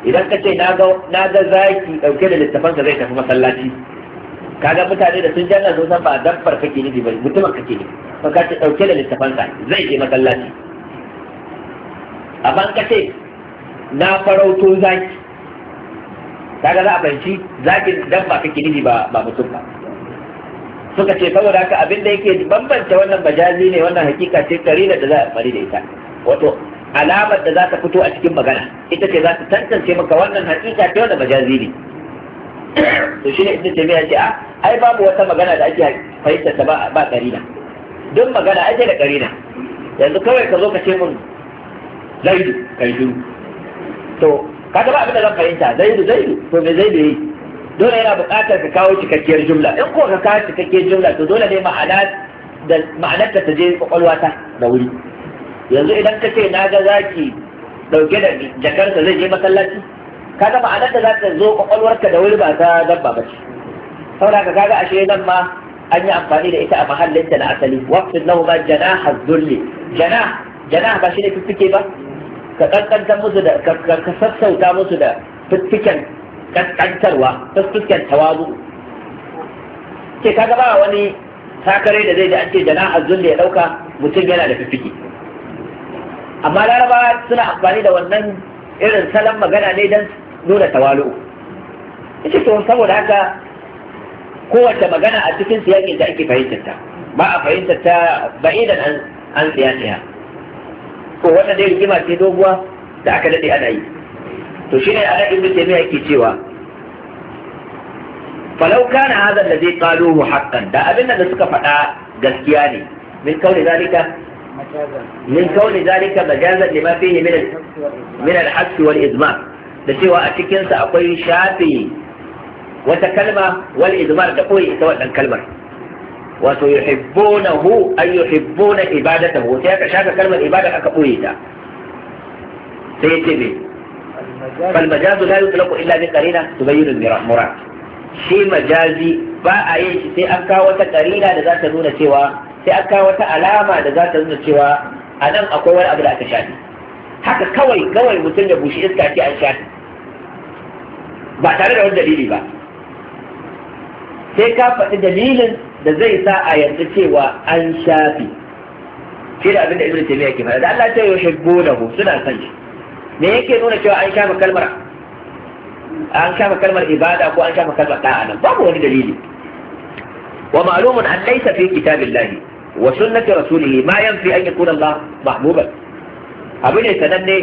idan ka ce na ga zaki dauke da littafansa zai tafi masallaci kaga mutane da sun janna sun san ba dabbar kake nufi ba mutumin kake ne, ba ka ce dauke da littafansa zai je masallaci amma ka ce na farauto zaki kaga za a fahimci zakin dabba kake nufi ba ba mutum ba suka ce saboda haka abin da yake bambanta wannan majazi ne wannan hakika ce karina da za a fari da ita wato alamar da za ta fito a cikin magana ita ce za ta tantance maka wannan hakika ta wanda majazi ne to shine ibnu taymiya ce a ah, ai babu wata magana da ake fahimta ta ba karina duk magana ake da karina yanzu kawai ka zo ka ce mun zaidu kai shiru to Ka ba abin da zan fahimta zaidu zaidu to me zaidu yi dole yana buƙatar ka kawo cikakkiyar jumla in ko ka kawo cikakkiyar jumla to dole ne ma'ana da ma'anar ta je kwakwalwa ta da wuri yanzu idan ka ce na ga zaki dauke da jakarsa zai je masallaci Ka kaga ma'anar da za ta zo kwakwalwarka da wuri ba ta dabba ba ce saboda ka kaga ashe nan ma an yi amfani da ita a mahallinta na asali waqtin lahu ma janaha dhulli jana jana ba shi ne fiffike ba ka kankanta musu da ka sassauta musu da fiffiken kankantarwa fiffiken tawazu ce kaga ba wani sakare da zai da an ce jana ya dauka mutum yana da fiffike amma laraba suna amfani da wannan irin salon magana ne don nuna tawalu ita to saboda haka kowace magana a cikin siyakin da ake fahimtarta ba a fahimtarta ba'idan an an siyasiya to wannan dai rigima ce doguwa da aka dade ana yi to shine ana ibnu taymiya yake cewa falau kana hadha alladhi ƙaluhu haqqan da abin da suka faɗa gaskiya ne min kauli zalika min kauni zalika majazan lima fihi min min al-hasi wal izmar da cewa a cikinsa akwai shafi wata kalma wal izmar da koyi ita wannan kalmar wato yuhibbunahu ay yuhibbuna ibadatahu sai aka shaka kalmar ibada aka koyi ta sai yace me فالمجاز لا يطلق الا بقرينه bi المراد shi majazi ba a yin shi sai an kawo wata karina da za ta nuna cewa sai an kawo wata alama da za ta nuna cewa a nan akwai wani abu da aka shafi haka kawai kawai mutum da bushe iska ce an shafi ba tare da wani dalili ba sai ka faɗi dalilin da zai sa a yanzu cewa an shafi shi da abin da ibn taymiya ke faɗa da Allah ta yuhibbunahu suna son shi me yake nuna cewa an shafa kalmar an shafa kalmar ibada ko an shafa kalmar da'a nan babu wani dalili wa ma'lumun an laysa fi kitabillahi wa sunnati rasulihi ma yanfi an yakuna Allah mahbuban abu ne sananne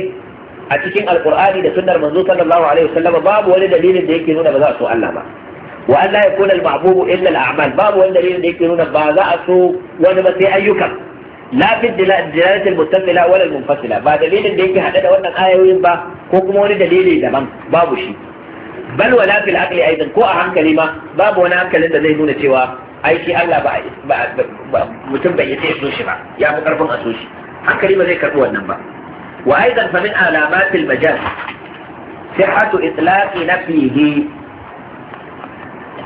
a cikin alqur'ani da sunnar manzo sallallahu alaihi wasallam babu wani dalilin da yake nuna ba za a so Allah ba wa an yakuna al illa al-a'mal babu wani dalilin da yake nuna ba za a so wani ba sai ayyukan la fi dilalati al-mustamila wala ba dalilin da yake haɗa da wannan ayoyin ba ko kuma wani dalili daban babu shi bal wala fil aqli aidan ko a hankali ma babu wani hankalin da zai nuna cewa aiki Allah ba ba mutum bai yi so shi ba ya fi karfin a shi hankali ba zai karbi wannan ba wa aidan fa min alamatil majaz sihhatu itlaqi nafihi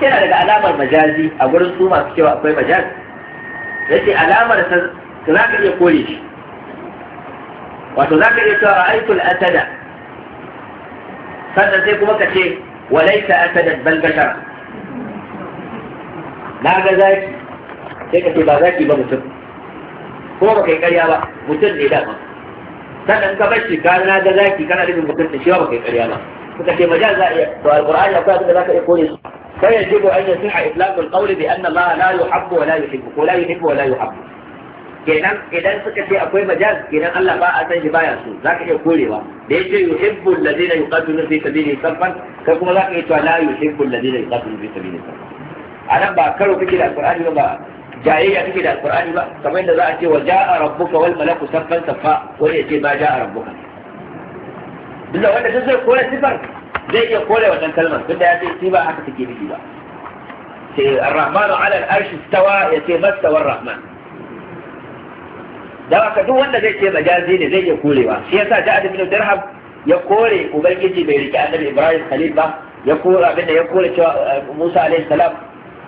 yana daga alamar majazi a gurin su masu cewa akwai majaz yace alamar ta za ka iya kore shi wato za ka iya cewa ra'aytul asada sannan sai kuma ka ce walaysa asadan bal bashara na ga zaki sai ka ce ba zaki ba mutum ko ba kai karya ba mutum ne dama sannan ka bar shi ka na ga zaki kana nufin mutum da shi ba kai karya ba suka ce majal za a iya to alqur'ani akwai abin da zaka iya kore su fa yajibu an yasiha itlaqu alqawli bi anna allaha la yuhibbu wa la yuhibbu ko la yuhibbu wa la yuhibbu kenan idan suka ce akwai majaz kenan Allah ba a san shi baya so zaka iya korewa da yace yuhibbu alladhina yuqatiluna fi sabilihi saffan kai kuma zaka iya cewa la yuhibbu alladhina yuqatiluna fi sabilihi saffan a nan ba karo kake da alqur'ani ba jayayya kake da alqur'ani ba kamar yadda za a ce wa ja'a rabbuka wal malaku saffan saffa wani ya ce ba ja'a rabbuka duk da wanda sai kore sifar zai iya kore wannan kalmar tunda ya ce shi ba haka take nufi ba sai ar-rahmanu ala al-arshi istawa ya ce mastawa ar-rahman da haka duk wanda zai ce majazi ne zai iya korewa shi yasa ja'ad ibn dirham ya kore ubangiji bai rike annabi ibrahim khalil ba ya kore abinda ya kore cewa eh, musa alaihi salam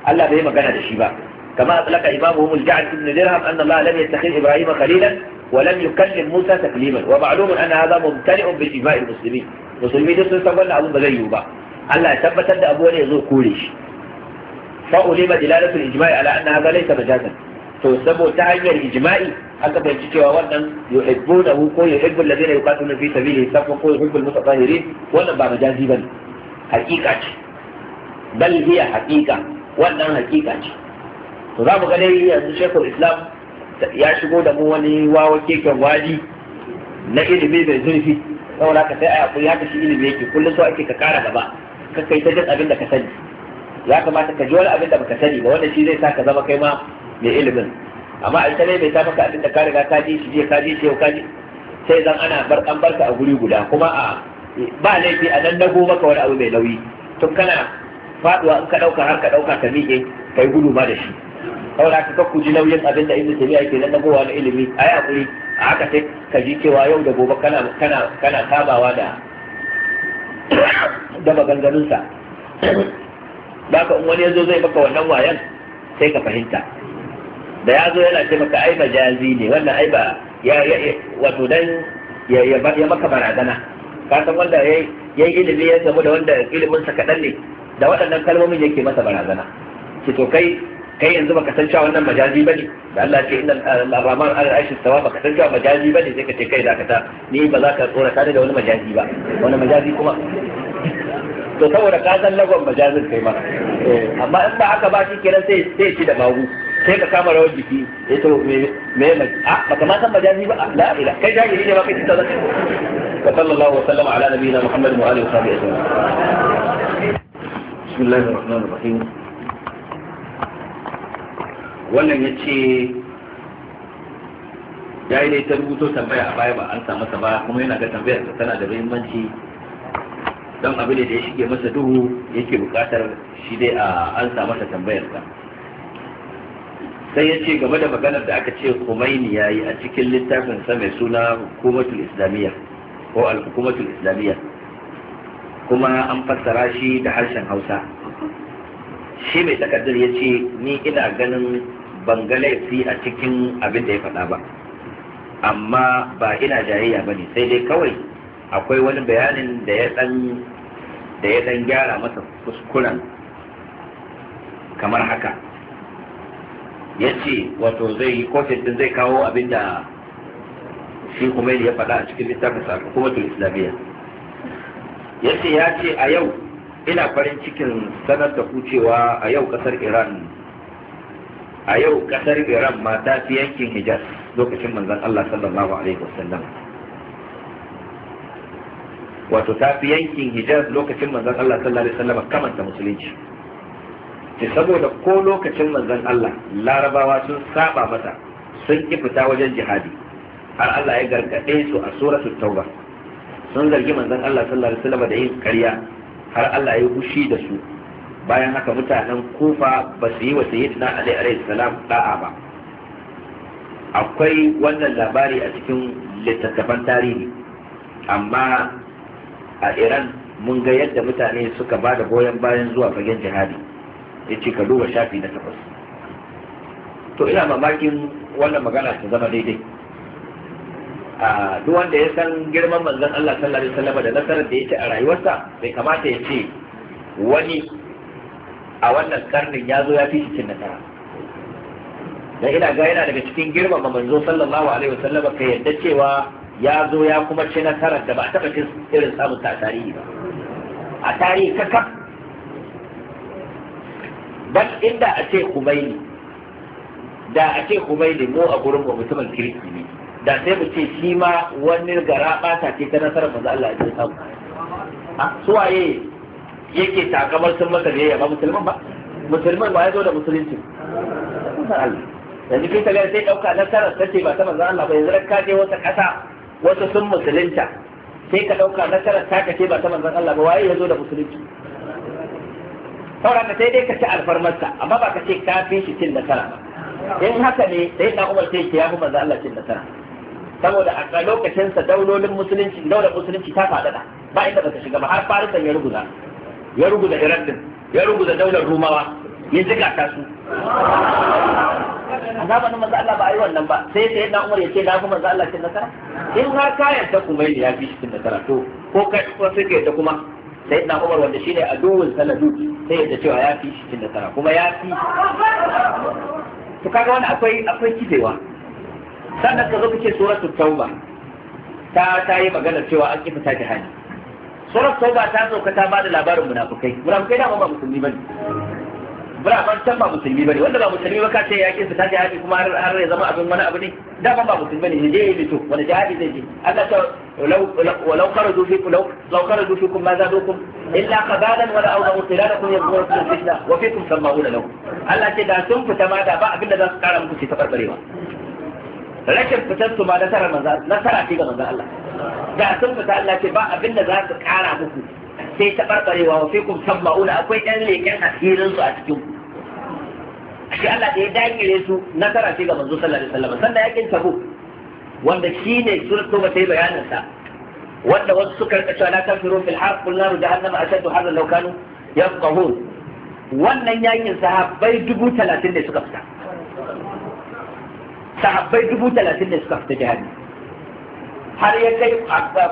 Allah bai magana da shi ba kama a tsalaka imamu mun ja'ad ibn dirham anna Allah lam yattakhidh ibrahima khalilan wa lam yukallim musa takliman wa ma'lumun anna hadha mumtari'un bi ijma'il muslimin musulmi da sun san wannan abun ba zai yiwu ba Allah ya tabbatar da abu wani ya zo kore shi fa ulima dilalatu ijma'i ala anna hadha laysa majazan to saboda ta hanyar ijma'i aka fahimci cewa wannan yuhibbuna hu ko yuhibbul ladina yuqatiluna fi sabilihi safa ko yuhibbul mutatahirin wannan ba majazi bane hakika ce bal hiya haqiqa wannan hakika ce to za mu ga dai yanzu shekul islam ya shigo da mu wani wawa keken wadi na ilimi mai zurfi saboda ka sai a yakuri haka shi ilimi yake kullum so ake ka kara gaba ka kai ta jin abin da ka sani ya kamata ka ji wani abin da baka sani ba wanda shi zai sa ka zama kai ma mai ilimin amma a ita ne mai ta maka abin da ka riga ka ji shi ka ji shi yau ka ji sai zan ana bar an barka a guri guda kuma a ba laifi a nan dago maka wani abu mai nauyi tun kana faduwa in ka dauka har ka dauka ta miƙe kai gudu ma da shi saboda ka ka kuji nauyin abin da ibnu tabi'a yake na dagowa na ilimi ayi hakuri a haka sai ka ji cewa yau da gobe kana kana kana sabawa da da maganganun sa baka in wani yazo zai baka wannan wayan sai ka fahimta da ya zo yana ce maka ai majazi ne wannan ai ba ya wato dan ya ya maka barazana ka san wanda yayi ilimi ya zama da wanda ilimin sa kadan ne da waɗannan kalmomin yake masa barazana ce to kai kai yanzu baka san cewa wannan majazi bane da Allah ce inna al-rahman al-arshi sawa baka san cewa majazi bane sai ka ce kai zaka ta ni ba za ka tsora ka da wani majazi ba wani majazi kuma to saboda ka san lagon majazin kai ma amma in ba aka ba shi kenan sai sai ci da bagu sai ka kama rawar jiki ya to me me a ah, baka ma san majazi ba ah, la ila kai jahili ne ba kai tsada wa sallallahu wa sallama ala nabiyina muhammadin wa alihi wa sahbihi ajma'in بسم الله الرحمن الرحيم wannan ya ce ya yi dai ta rubuto tambaya a baya ba an samu ba kuma yana ga tambayar da tana da muhimmanci don abin da ya shige masa duhu yake bukatar shi dai a an samu tambayar sa sai ya ce game da maganar da aka ce kumaini ya yi a cikin littafin sa mai suna hukumatul islamiyya ko al-hukumatul islamiyya kuma an fassara shi da harshen hausa shi mai takardar ya ce ni ina ganin banga laifi a cikin abin da ya faɗa ba amma ba ina jayayya ba ne sai dai kawai akwai wani bayanin da ya ɗan gyara masa kuskuren kamar haka ya ce wato zai yi zai kawo abin da shi kuma ya faɗa a cikin littafin sakamakomatul islamiyya yace ya ce a yau ina farin cikin sanar da kucewa a yau kasar Iran a yau kasar Iran ma ta fi yankin Hijaz lokacin manzon Allah sallallahu alaihi wasallam wato ta fi yankin Hijaz lokacin manzon Allah sallallahu alaihi wasallam ta musulunci ce saboda ko lokacin manzon Allah larabawa sun saba masa sun ki fita wajen jihadi har Allah ya gargaɗe su a suratul tauba sun zargi manzon Allah sallallahu alaihi wasallam da yin ƙarya har Allah ya yi hushi da su bayan haka mutanen kufa ba su yi wa sayyidina ali alaihi salam da'a ba akwai wannan labari a cikin littattafan tarihi amma a iran mun ga yadda mutane suka ba da goyon bayan zuwa fagen jihadi ya ce ka duba shafi na takwas to ina mamakin wannan magana ta zama daidai duk wanda ya san girman manzon Allah sallallahu alaihi wasallam da nasarar da yake a rayuwarsa bai kamata ya ce wani a wannan karnin ya zo ya fi cikin nasara dan ina ga yana daga cikin girman manzo sallallahu alaihi wasallam ka yadda cewa ya zo ya kuma ci nasarar da ba a taɓa cin irin samun ta a tarihi ba a tarihi kakaf ban inda a ce kumaini da a ce kumaini mu a gurin mu mutumin kirki ne da sai mu ce shi ma wani gara bata ce ta nasarar za Allah ya samu a suwaye yake takamar sun masa ne ba musulman ba musulman ba ya zo da musulunci Allah yanzu kai ta sai dauka nasarar ta ce ba ta maza Allah ba yanzu ka je wata ƙasa wasu sun musulunta sai ka dauka nasarar ta ka ce ba ta maza Allah ba waye ya zo da musulunci saboda sai dai ka ci alfarmarsa amma ba ka ce ka fi shi cin nasara ba in haka ne sai na umar sai ya fi maza Allah cin nasara saboda a lokacin sa daulolin musulunci daular musulunci ta faɗaɗa ba inda ba ta shiga ba har farisan ya ruguza ya ruguza iran din ya ruguza daular rumawa ya jiga ta su a zamanin manzo Allah ba a yi wannan ba sai sai yadda Umar ya ce na kuma manzo Allah cin nasara in har ka yarda kuma ya fi shi cin nasara to ko kai ko sai ka yarda kuma sai na Umar wanda shine a duwul sanadu sai yadda cewa ya fi shi cin nasara kuma ya fi to kaga wani akwai akwai kidewa sannan ka zo kace suratul tauba ta ta yi magana cewa an kifa ta jihadi suratul tauba ta ka ta bada labarin munafukai munafukai da ba musulmi bane bura can ba musulmi bane wanda ba musulmi ba ka ce ya kifa ta jihadi kuma har ya zama abin wani abu ne da ba musulmi bane ne je yi fito wani jihadi zai je Allah ta law kharaju fikum law kharaju fikum ma zadukum illa qabalan wala awdahu qilalakum yabghurukum fitna wa fikum sama'una lahu Allah ce da sun fita ma da ba abinda za su kara muku ce ta barbarewa rashin fitar su ma nasara manzo nasara ce ga maza Allah da sun fita Allah ce ba abin da za su kara muku sai ta barbarewa wa fikum sama'una akwai ɗan leken asirin su a cikin ku shi Allah da ya dakire su nasara ce ga manzo sallallahu alaihi wasallam sannan yakin tabu wanda shine suratu ba ta yi bayanin sa wanda wasu suka rika cewa la kafiru fil harb qul naru jahannama ashaddu harran law kanu yafqahun wannan yakin sahabbai dubu talatin ne suka fita sahabbai dubu talatin ne suka fita jihadi har ya kai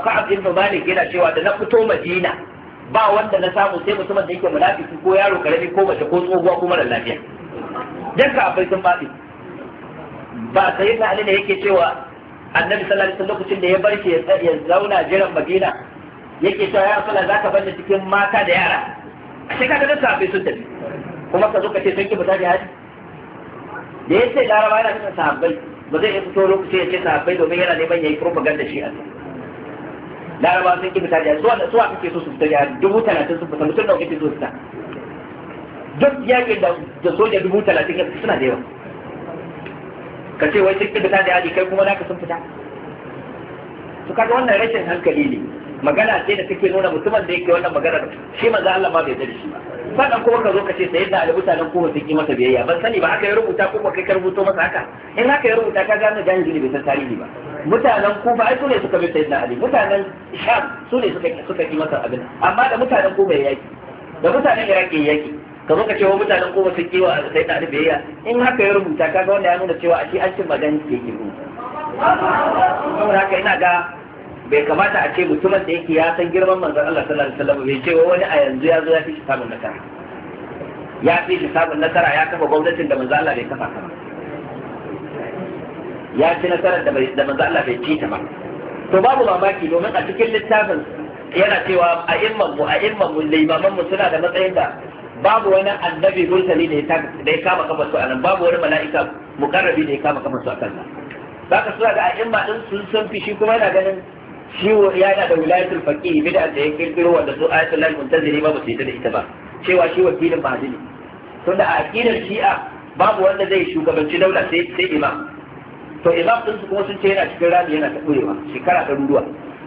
ka'ab ibn malik yana cewa da na fito madina ba wanda na samu sai mutumin da yake munafiki ko yaro karami ko mace ko tsohuwa ko mara lafiya dan sahabbai sun fadi ba sai na ali ne yake cewa annabi sallallahu alaihi wasallam lokacin da ya bar shi ya zauna jiran madina yake cewa ya rasulullah zaka bar ni cikin mata da yara sai kaga da sahabbai sun tafi kuma ka zo ka ce sun ki fita jihadi da ya ce laraba yana cikin sahabbai ba zai iya fito lokacin ya ce sahabbai domin yana neman ya yi propaganda shi a laraba sun ki fita jihar zuwa zuwa kake so su fita ya dubu talatin sun fita mutum da kake so su fita duk yaƙi da soja dubu talatin ya suna da yawa ka ce wai sun ki fita jihar kai kuma naka sun fita Su kaga wannan rashin hankali ne magana ce da take nuna mutumin da yake wannan maganar shi manzo Allah ma bai da shi ba sannan kuma ka zo ka ce sai da mutanen kowa sun yi masa biyayya ban sani ba aka yi rubuta ko ba kai ka rubuto masa haka in haka ya rubuta ka gane da yanzu bai san tarihi ba mutanen ba ai su ne suka bi sayyidina ali mutanen sham su suka suka yi masa abin amma da mutanen kufa ya yaki da mutanen da ya yaki ka zo ka ce wa mutanen ba sun yi wa sayyidina ali biyayya in haka ya rubuta ka ga wanda ya nuna cewa a shi an cin magana ke yi rubuta saboda haka ina ga bai kamata a ce mutumin da yake ya san girman manzon Allah sallallahu alaihi wasallam bai ce wani a yanzu ya zo ya fi shi nasara ya fi shi nasara ya kafa gwamnatin da manzon Allah bai kafa ta ba ya ci nasarar da manzon Allah bai ci ta ba to babu mamaki domin a cikin littafin yana cewa a imman mu a imman mu limaman mu suna da matsayin da babu wani annabi mursali da ya kama kafa su a nan babu wani mala'ika mukarrabi da ya kama kafa su a kansa zaka suna da a'imma din sun san fi shi kuma yana ganin shi yana da wilayatul faqih bid'a da ya kirkiro wanda su ayatul lahi muntazili ba ba su da ita ba cewa shi wakilin mahadi ne tunda a aqidar shi'a babu wanda zai shugabanci daula sai sai imam to imam din su kuma sun ce yana cikin rami yana ta burewa shekara ɗaruruwa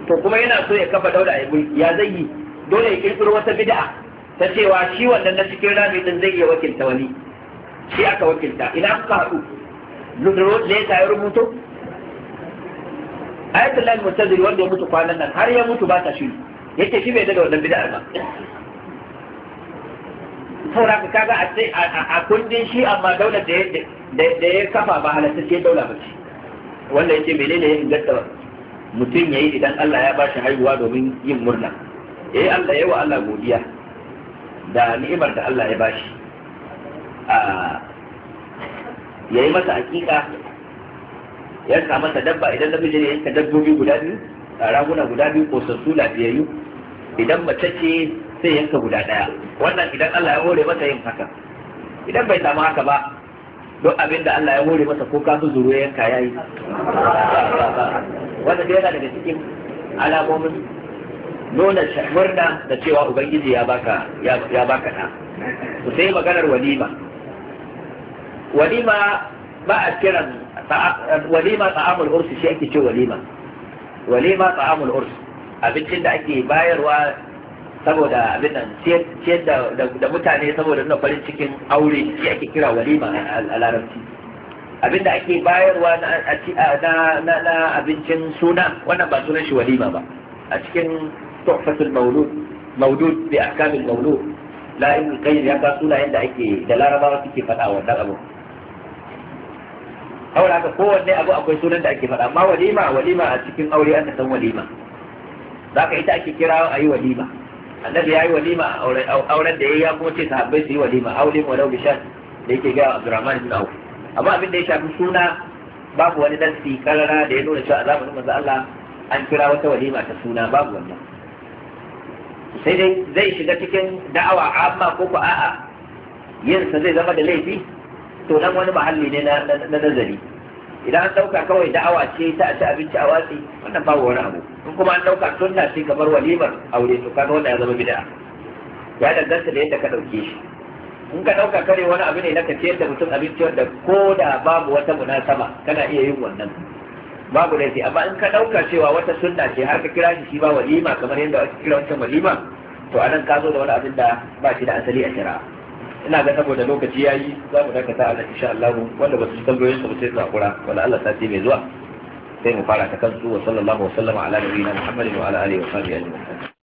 to kuma yana so ya kafa daula ya mulki ya zai yi dole ya kirkiro wata bid'a ta cewa shi wannan na cikin rami din zai iya wakilta wani shi aka wakilta ina ka haɗu lutero ne ya rubuto ayatul lahi mutazili wanda ya mutu kwanan nan har ya mutu ba ta shiri yake shi bai da wannan bid'a ba saboda ka kaga a sai a kundin shi amma daular da da ya kafa ba halatta ce daula ba ce wanda yake menene ya inganta mutum yayi idan Allah ya bashi haihuwa domin yin murna Eh Allah yawa Allah godiya da ni'imar da Allah ya bashi a yayi masa hakika yanka masa dabba idan namiji ne yanka dabbobi guda biyu raguna guda biyu ko sassu lafiyayyu idan mace ce sai yanka guda daya wannan idan Allah ya hore masa yin haka idan bai samu haka ba don abin da Allah ya hore masa ko kasu zuru ya yanka yayi wanda dai yana daga cikin alamomin nuna murna da cewa ubangiji ya baka ya baka da sai maganar walima walima ba a kiran walima ta'amul ursi shi ake ce walima walima ta'amul ursi abincin da ake bayarwa saboda abin nan ciyar da mutane saboda nuna farin cikin aure shi ake kira walima a larabci abin da ake bayarwa na abincin suna wannan ba sunan shi walima ba a cikin tuhfatul maulud maudud bi ahkamil maulud la ibn qayyim ya ba suna yanda ake da larabawa suke faɗa wannan abu aure haka kowanne abu akwai sunan da ake faɗa amma walima walima a cikin aure an san walima za ka ita ake kira a yi walima annabi ya yi walima auren da ya yi ya kuma ce sahabbai su yi walima aure walau shan da yake ga Abdurrahman bin awf amma abin da ya shafi suna babu wani nassi karara da ya nuna cewa a zamanin manzo Allah an kira wata walima ta suna babu wannan sai dai zai shiga cikin da'awa amma ko ko a'a yin sa zai zama da laifi to nan wani mahalli ne na nazari idan an dauka kawai da'awa ce ta ci abinci a watsi wannan babu wani abu in kuma an dauka sunna ce kamar walimar aure to kaga wannan ya zama bid'a ya danganta da yadda ka dauke shi in ka dauka kare wani abu ne na ka ciyar da mutum abinci wanda ko da babu wata munasaba kana iya yin wannan babu laifi amma in ka dauka cewa wata sunna ce har ka kira shi shi ba walima kamar yadda ake kira wancan walima to anan ka zo da wani abin da ba shi da asali a shari'a ina ga saboda lokaci ya yi za mu dakata Allah insha Allah wanda ba su tambayoyin su sai zakura wala Allah sati mai zuwa sai mu fara ta kansu wa sallallahu wa sallama ala nabiyina Muhammadin wa ala alihi wa sahbihi ajma'in